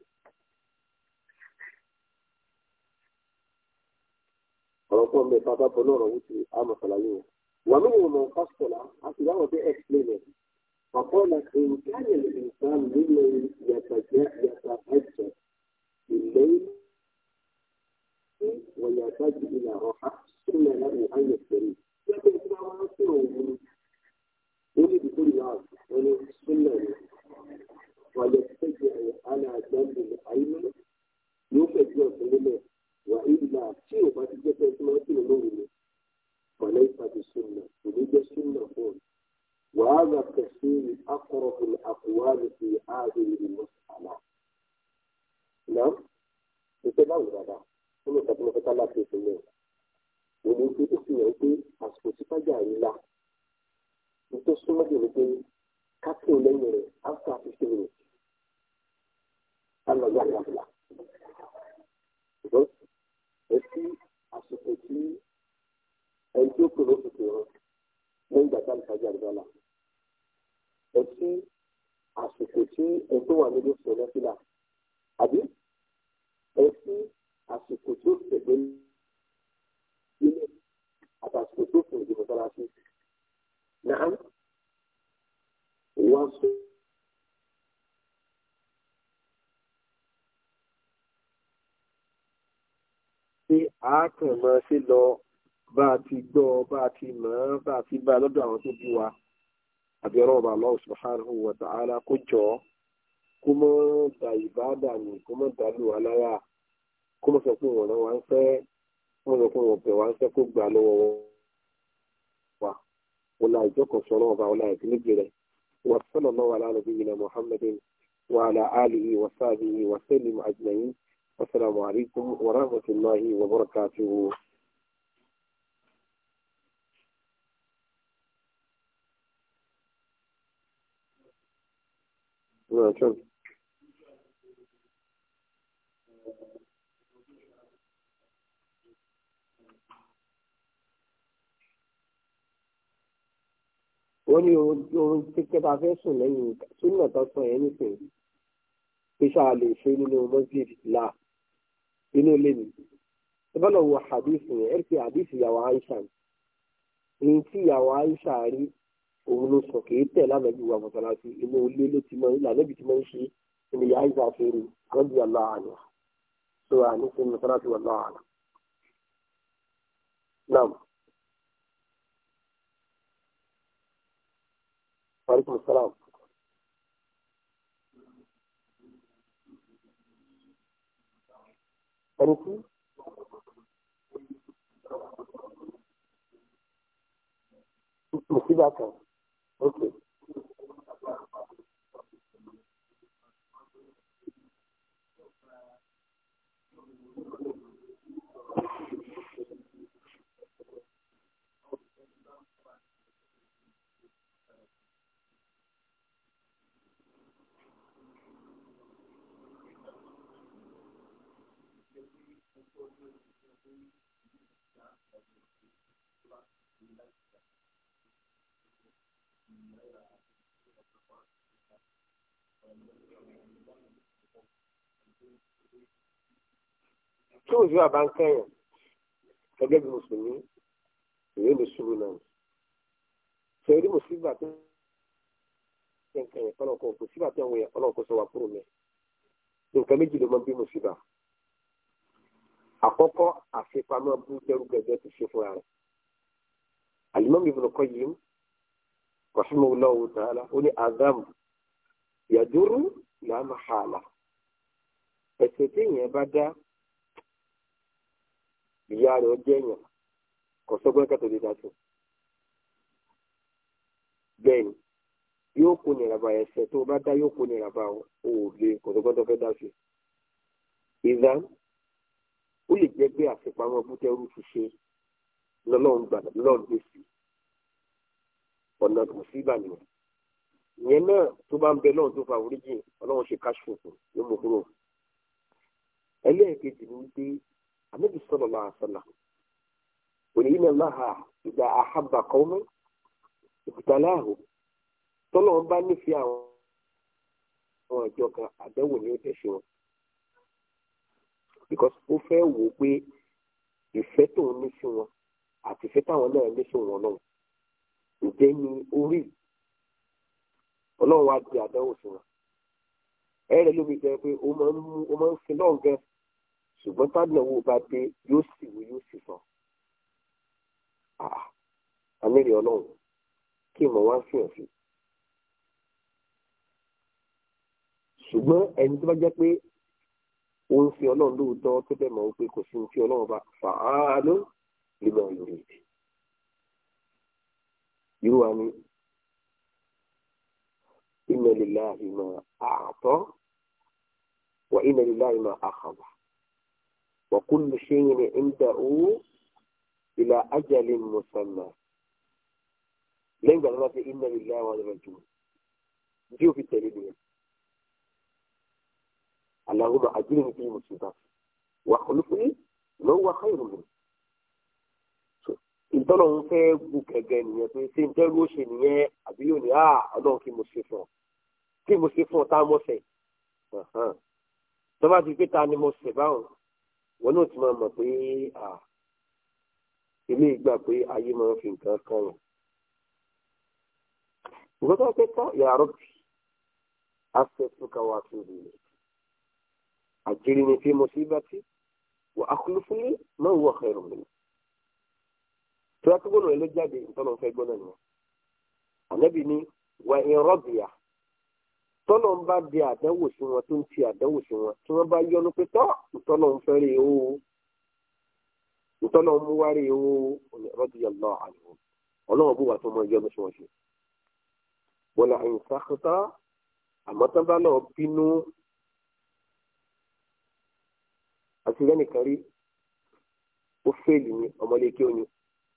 wà nínú sọ̀rọ̀ sílà àbí ẹ sí àsìkò tó tẹ̀lé ilé àtàsìkò tó fún ìdìbò sára sí náà wá sọ. pé àákàn mọ́ sí lọ bá a ti gbọ́ bá a ti mọ̀ bá a ti bá a lọ́dọ̀ àwọn tó bí wa àbí ọlọ́run bá lọ́wọ́ subhanahu wa ta'ala kó jọ ọ́ kó mọ́ da ìbáàdà nù kó mọ́ da lù wá lára kó mọ́ sọ pé wọ́n rán wa ń fẹ́ kó mọ́ sọ pé wọ́n bẹ̀ wá ń fẹ́ kó gbà lọ́wọ́ wa wọ́n la ìjọkọ̀ sọ̀rọ̀ ọba wọ́n la ìpínlẹ̀ rẹ̀ wọ́n sọ̀rọ̀ náà wà lánàá bí yìnyín muhammadin wa ala alihi wa sahbihi wa sallim ajma'in wasalaamu alaykum wa rahmatulahi wa barakatuhu. Well, true. wọ́n ní oorun kíkẹ́ bá fẹ́ sùn lẹ́yìn súnà tó sọ yẹn nìkan pèsè àlè ṣe nínú mọ́sídìí là inú ilé mi ẹbá lọ wo hadith yẹn ẹ̀rí pé hadith ìyàwó Aisha ní tí ìyàwó Aisha rí òun ló sọ kìí tẹ̀ lánàbí wa mọ̀sálásí inú ilé ló ti mọ ìlànàbí ti mọ ń ṣe ìní ìyá Aisha ṣe rí rọ́bì aláàánú so àní ṣe mọ̀sálásí wà láàánú. Naam. aleykum salaam. ẹni tí. mùsíbà kan ok. tí òjò àbá ń kẹyàn gẹ́gẹ́ bí mùsùlùmí èyí lè ṣubú náà ṣe orí mùsùlùmí tó ń kẹyàn fọlọ́kọ̀ mùsùlùmí tó ń wọ̀nyàn fọlọ́kọ̀ sọ wà kúrò mẹ́ nǹkan méjì ló máa ń bí mùsùlùmí àkọ́kọ́ àfipamọ́ bú jẹ́rú gẹ́gẹ́ ti ṣe fúnra rẹ̀ alimami ibn Qayyim rahimahullahu ta'ala ó ní azam yàdúrú làmàhàlà ẹsẹ téèyàn bá dá ìyá rẹ̀ jẹyàn kò sọ́gbọ́n kẹtọ lè dá tó bẹ́ẹ̀ ni yóò kó nira bá ẹsẹ tó bá dá yóò kó nira bá o ò lè kò sọ́gbọ́n tó fẹ́ dá ìdá ó lè jẹ́ pé àṣepamọ́ bútẹrù ti ṣe lọ́lọ́run gbà lọ́run gbèsè ọ̀nà kò sí ìbànújẹ́ ìyẹn náà tó bá ń bẹ lọ́run tó fa àforíjì ọlọ́run ṣe cash flow fún yóò mú kúrò. ẹlẹ́ẹ̀kejì ni wípé ànábì sallallahu alaihi wasallam òní iná láha ìgbà àhábà qauman ibtalahu tọ́lọ́run bá nífẹ̀ẹ́ àwọn àwọn ìjọ kan àdẹ́wò ní ẹ̀ṣẹ̀ ṣe wọn. because ó fẹ́ wò ó pé ìfẹ́ tóun ní sí wọn àti ìfẹ́ táwọn náà ní sí wọn náà ǹjẹ́ ni orí ọlọ́run wá di àdánwò fún wọn ẹ̀rẹ̀ ló fi jẹ́ pé ó máa ń mú ó máa ń sin náà gan ṣùgbọ́n tádìnàwó bá dé yóò sì wú yóò sì sàn àmìrì ọlọ́run kí ìmọ̀ wá fi hàn ṣùgbọ́n ẹni tó bá jẹ́ pé ó ń sin ọlọ́run lóòótọ́ tó bẹ̀ mọ̀ pé kò sí ohun tí ọlọ́run bá fà á ló lè mọ̀ lórí ìdí irú wa ni إن لله ما أعطى وإن لله ما أخذ وكل شيء عنده إلى أجل مسمى لين قال إن لله وإنا راجعون جيو في التلميذ اللهم أجلني في المصيبة وخلفني ما هو خير منه ìtọ́lọ̀ ń fẹ́ bu kẹ̀kẹ́ nìyẹn pé ṣé n tẹ́rù ó ṣe nìyẹn àbí yóò ní àá ọlọ́run kí mo ṣe fún ọ kí mo ṣe fún ọ tá a mọ̀ ṣẹ̀ tó bá ti pé ta ni mo ṣẹ̀ báwọn wọn náà ti máa mọ̀ pé èmi gbà pé ayé máa ń fi nǹkan kan wọn. ìwọ́n tó pé tán yàrá bì asẹ̀tùkà wà tó lè lè àjẹrìnì mo sí bá ti wà á kúlù fún mi máa wọ̀ ọ̀hẹ́rù mi tó yà kókó lòlẹ́ jáde ìtọ́nà fẹ́ gbọ́n náà nìyẹn ànábì ní wà ìrọ́bìyà tọ́nà ń bá di àdánwò sí wọn tó ń ti àdánwò sí wọn tí wọ́n bá yọnu pé tọ́ ìtọ́nà ń fẹ́ rí owó ìtọ́nà ń mú wá rí owó rọ́bìyà lọ àlùfò ọlọ́wọ́n bó wà tó mọ yọnu sí wọn ṣe. wọ́n àyìn sákòtà àmọ́ tán bá lọ bínú àti lẹ́nìkan rí ó fẹ́ẹ̀lì ní ọmọlé kí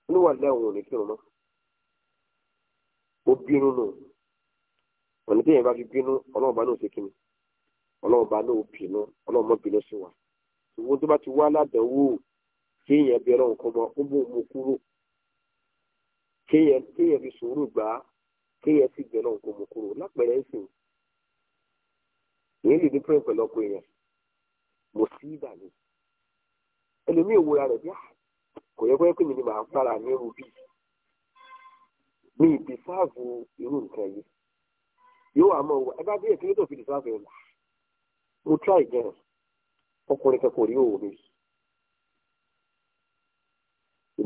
níwà lẹ́wọ̀n ò ní kírun mọ́ ó bínú nù ọ̀nà tí yẹn bá fi bínú ọlọ́run bá náà ṣe kíni ọlọ́run bá náà bínú ọlọ́run mọ́ bínú sí wa ṣùgbọ́n tó bá ti wá ládàáwò kéèyàn bí ọlọ́run kan mọ ó mú òun kúrò kéèyàn kéèyàn fi sùúrù gbà á kéèyàn sì bí ọlọ́run kan mú kúrò lápẹ̀rẹ̀ ń sìn èyí lè ní pẹ́ẹ́n pẹ̀lú ọkọ èèyàn mò sí ìdà ni ẹlòmíì wo ra rẹ̀ bí ah kò yẹ kó yẹ pé mi ni màá gbára ní irú bíi mi ì dìsáàbù irú nǹkan yìí yóò wà mọ ẹ bá bíyẹn kílódé òfin dìsáàbù ẹ mo try again ọkùnrin kan kò rí òwò mi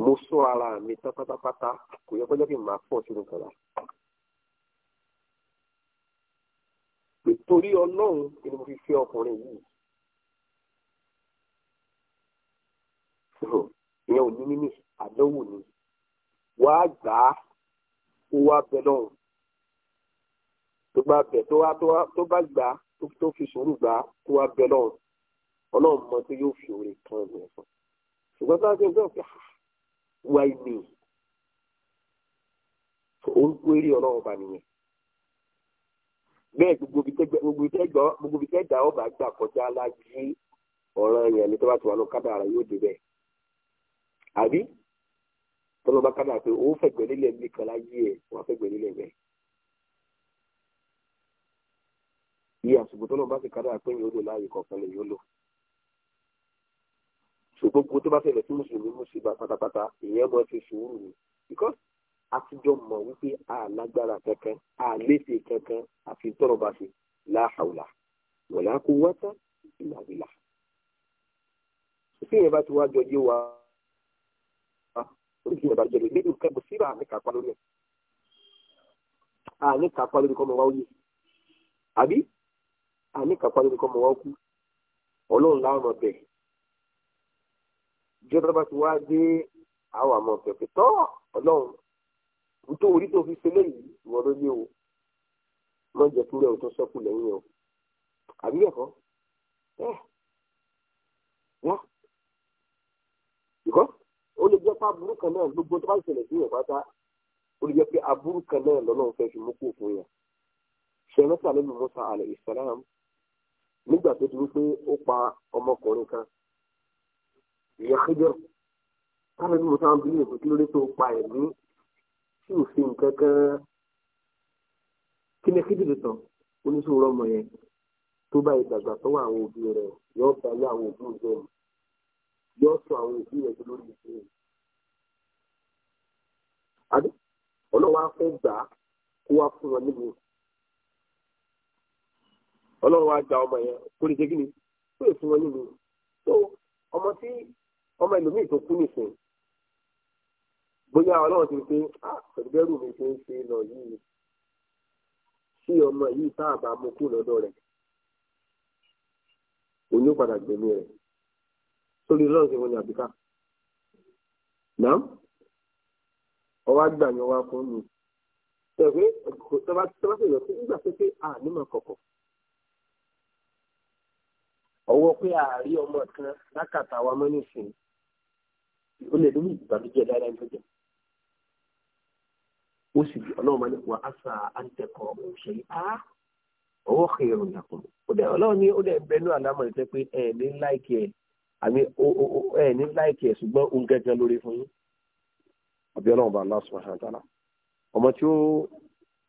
mo sọ ara mi tán pátápátá kò yẹ kó jẹ́ kí n máa pọ̀ sínú kan láti. ọlọ́run ni mo fi fẹ́ ọkùnrin yìí ìyẹn ò ní mímì àdánwò ni wàá gbà á kó wá bẹ lọ́rùn tó bá bẹ tó wá tó bá gbà á tó fi sùúrù gbà á kó wá bẹ lọ́rùn ọlọ́run mọ tó yóò fi òre kan ènìyàn fún ṣùgbọ́n tó bá ṣe ń gbọ́n pé wá ìmì orúkọ eré ọlọ́run ọba nìyẹn bẹ́ẹ̀ gbogbo ibi tẹ́gbà ọba gbà kọjá lájí ọ̀ràn yẹn ni tó bá ti wà ló kádàrá yóò dé bẹ́ẹ̀ àbí tọ́lọ́ba kádà pé ó fẹ̀gbẹ́ nílẹ̀ mi kan láyé ẹ̀ wọ́n fẹ̀gbẹ́ nílẹ̀ bẹ́ẹ̀. iye àsìkò tọ́lọ́ba sì kádà pé yóò lò láàyè kọ̀ọ̀kan lè yóò lò. ṣùgbọ́n gbogbo tó bá ṣẹlẹ̀ sí mùsùlùmí mùsùlùmí pátápátá ìyẹn mọ̀ ti sùúrù ni because àtijọ́ mọ̀ wípé a lágbára kankan a léṣe kankan àfi tọ́lọ́ba ṣe láhàùlà wọ̀lá kó wáta ìlàwìlà. sí ìyẹn bá ti wá jọjú wa oríṣi ìbàjẹ́ rẹ̀ nínú kẹ́gbọ̀n síra ní kápá lórí ẹ̀ àní kápá lórí kọ́mọ wa ó yé àbí àní kápá lórí kọ́mọ wa ó kú ọlọ́run láwọn ọbẹ̀ ìjọba bá ti wá dé àwọn àmọ́ pẹ̀pẹ̀ tọ́ ọlọ́run nítorí tó fi ṣe léyìí ìwọ ló yé o wọ́n jẹ́ kúrẹ́ òtún sọ́kù lẹ́yìn o àbí ẹ̀kọ́ ẹ̀ wọ́n ó lè jẹ́ pé aburú kan náà gbogbo tó bá ṣẹlẹ̀ sí yàn pátá ó lè jẹ́ pé aburú kan náà lọ́lọ́run fẹ́ fi mú kó fún yàn ṣẹlẹ́sà lẹ́nu Musa alayhi salam nígbà tó ti wípé ó pa ọmọkùnrin kan ìyá Khidir káfíń bí ń bí ìlú kí ló dé tó pa ẹ̀mí tí ò fi nǹkan kan kí ni Khidir tán oníṣòwò ọmọ yẹn tó bá ìdàgbà tó wà àwọn òbí rẹ̀ yóò bá yóò sọ àwọn òbí rẹ̀ lórí ìṣẹ̀lẹ̀ ọlọ́wọ́ á fẹ́ gbà á kó wá fún wọn níbo gba ọmọ yẹn kó lè ṣe kí ni kó lè tó ọmọ tí ọmọ ẹlòmíì tó kú nìsín bóyá ọlọ́run ti pé àpẹ̀lẹ́rù mi ṣe ń ṣe lọ yìí sí ọmọ yìí tá a bá mú kú lọ́dọ̀ rẹ̀ padà rẹ̀ sórí wọn ní ọwọ́ àgbà ni ọwọ́ akọ mi tẹ̀wé tọ́ba tọ́ba sì lọ sí nígbà pé pé a ní màá kọ̀kọ̀ ọwọ́ pé àárí ọmọ kan lákàtà wa mọ́ nísìnyí ó lè lórí ìbànújẹ́ dáadáa ní ọjà ó sì fi ọlọ́run máa ní wà á sà á ń tẹ̀kọ̀ ọ̀hún ṣe á ọwọ́ kan èrò nàkùn ọlọ́run ní ó dẹ̀ bẹnu àlámọ̀ ìtẹ́ pé ẹ̀ ní láìkì ẹ̀ àmì ẹ̀ ní láìkì ẹ̀ ṣùgbọ́n òun gẹ́gẹ́ lórí fún yín àbí ọlọ́run bá Allah subhanahu wa ta'ala ọmọ tí ó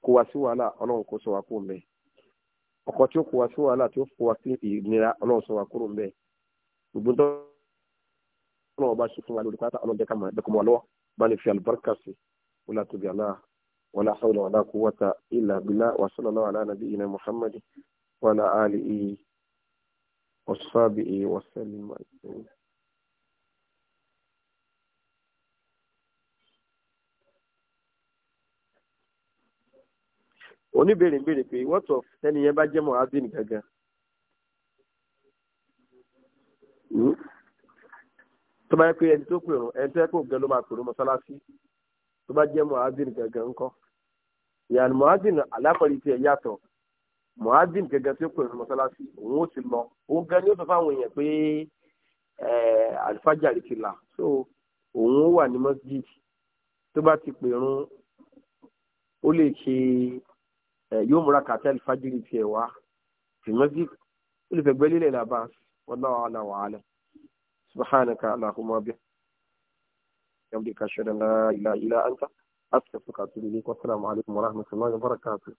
kó wa sí wàhálà ọlọ́run kó sọ wa kó mbẹ ọkọ tí ó kó wa wàhálà tí ó kó ìnira ọlọ́run sọ wa kúrò mbẹ gbogbo tó bá ṣe fún wa lórí pátá ọlọ́run jẹ́ ká máa dẹ́kun wa lọ́wọ́ bá ní fi àlùbáríkà sí wọlé àtúbí àlá wala hawla wala quwwata illa billah wa sallallahu ala nabiyyina muhammadin wa ala alihi wa sahbihi wa sallim oníbèrè ń béèrè pé what of ẹni yẹn bá jẹ́ muhammed gangan. Hmm? tó bá yẹ pé ẹni tó pèrò ẹni tó yẹ kó gan ló máa pèrò mọ́sálásí tó bá jẹ́ muhammed gangan ńkọ́ ìyànà muhammed alákọ̀ọ́lì tiẹ̀ yàtọ̀ muhammed gangan tó pèrò mọ́sálásí òun ó ti lọ òun gan ni ó sọ fáwọn èèyàn pé alifájàre ti là so òun ó wà ní mọ́sídìí tó bá ti pèrún ó lè ṣe yóò múra kàtẹ́lì fájìrì tiẹ̀ wá tìmọ́tì olùfẹ̀gbẹ́ lílẹ̀ làbá wallahu ala wa ala subhanaka allahumma bi yamdika shada la ilaha illa anta astaghfiruka wa atubu ilayk wa assalamu alaikum wa rahmatullahi wa barakatuh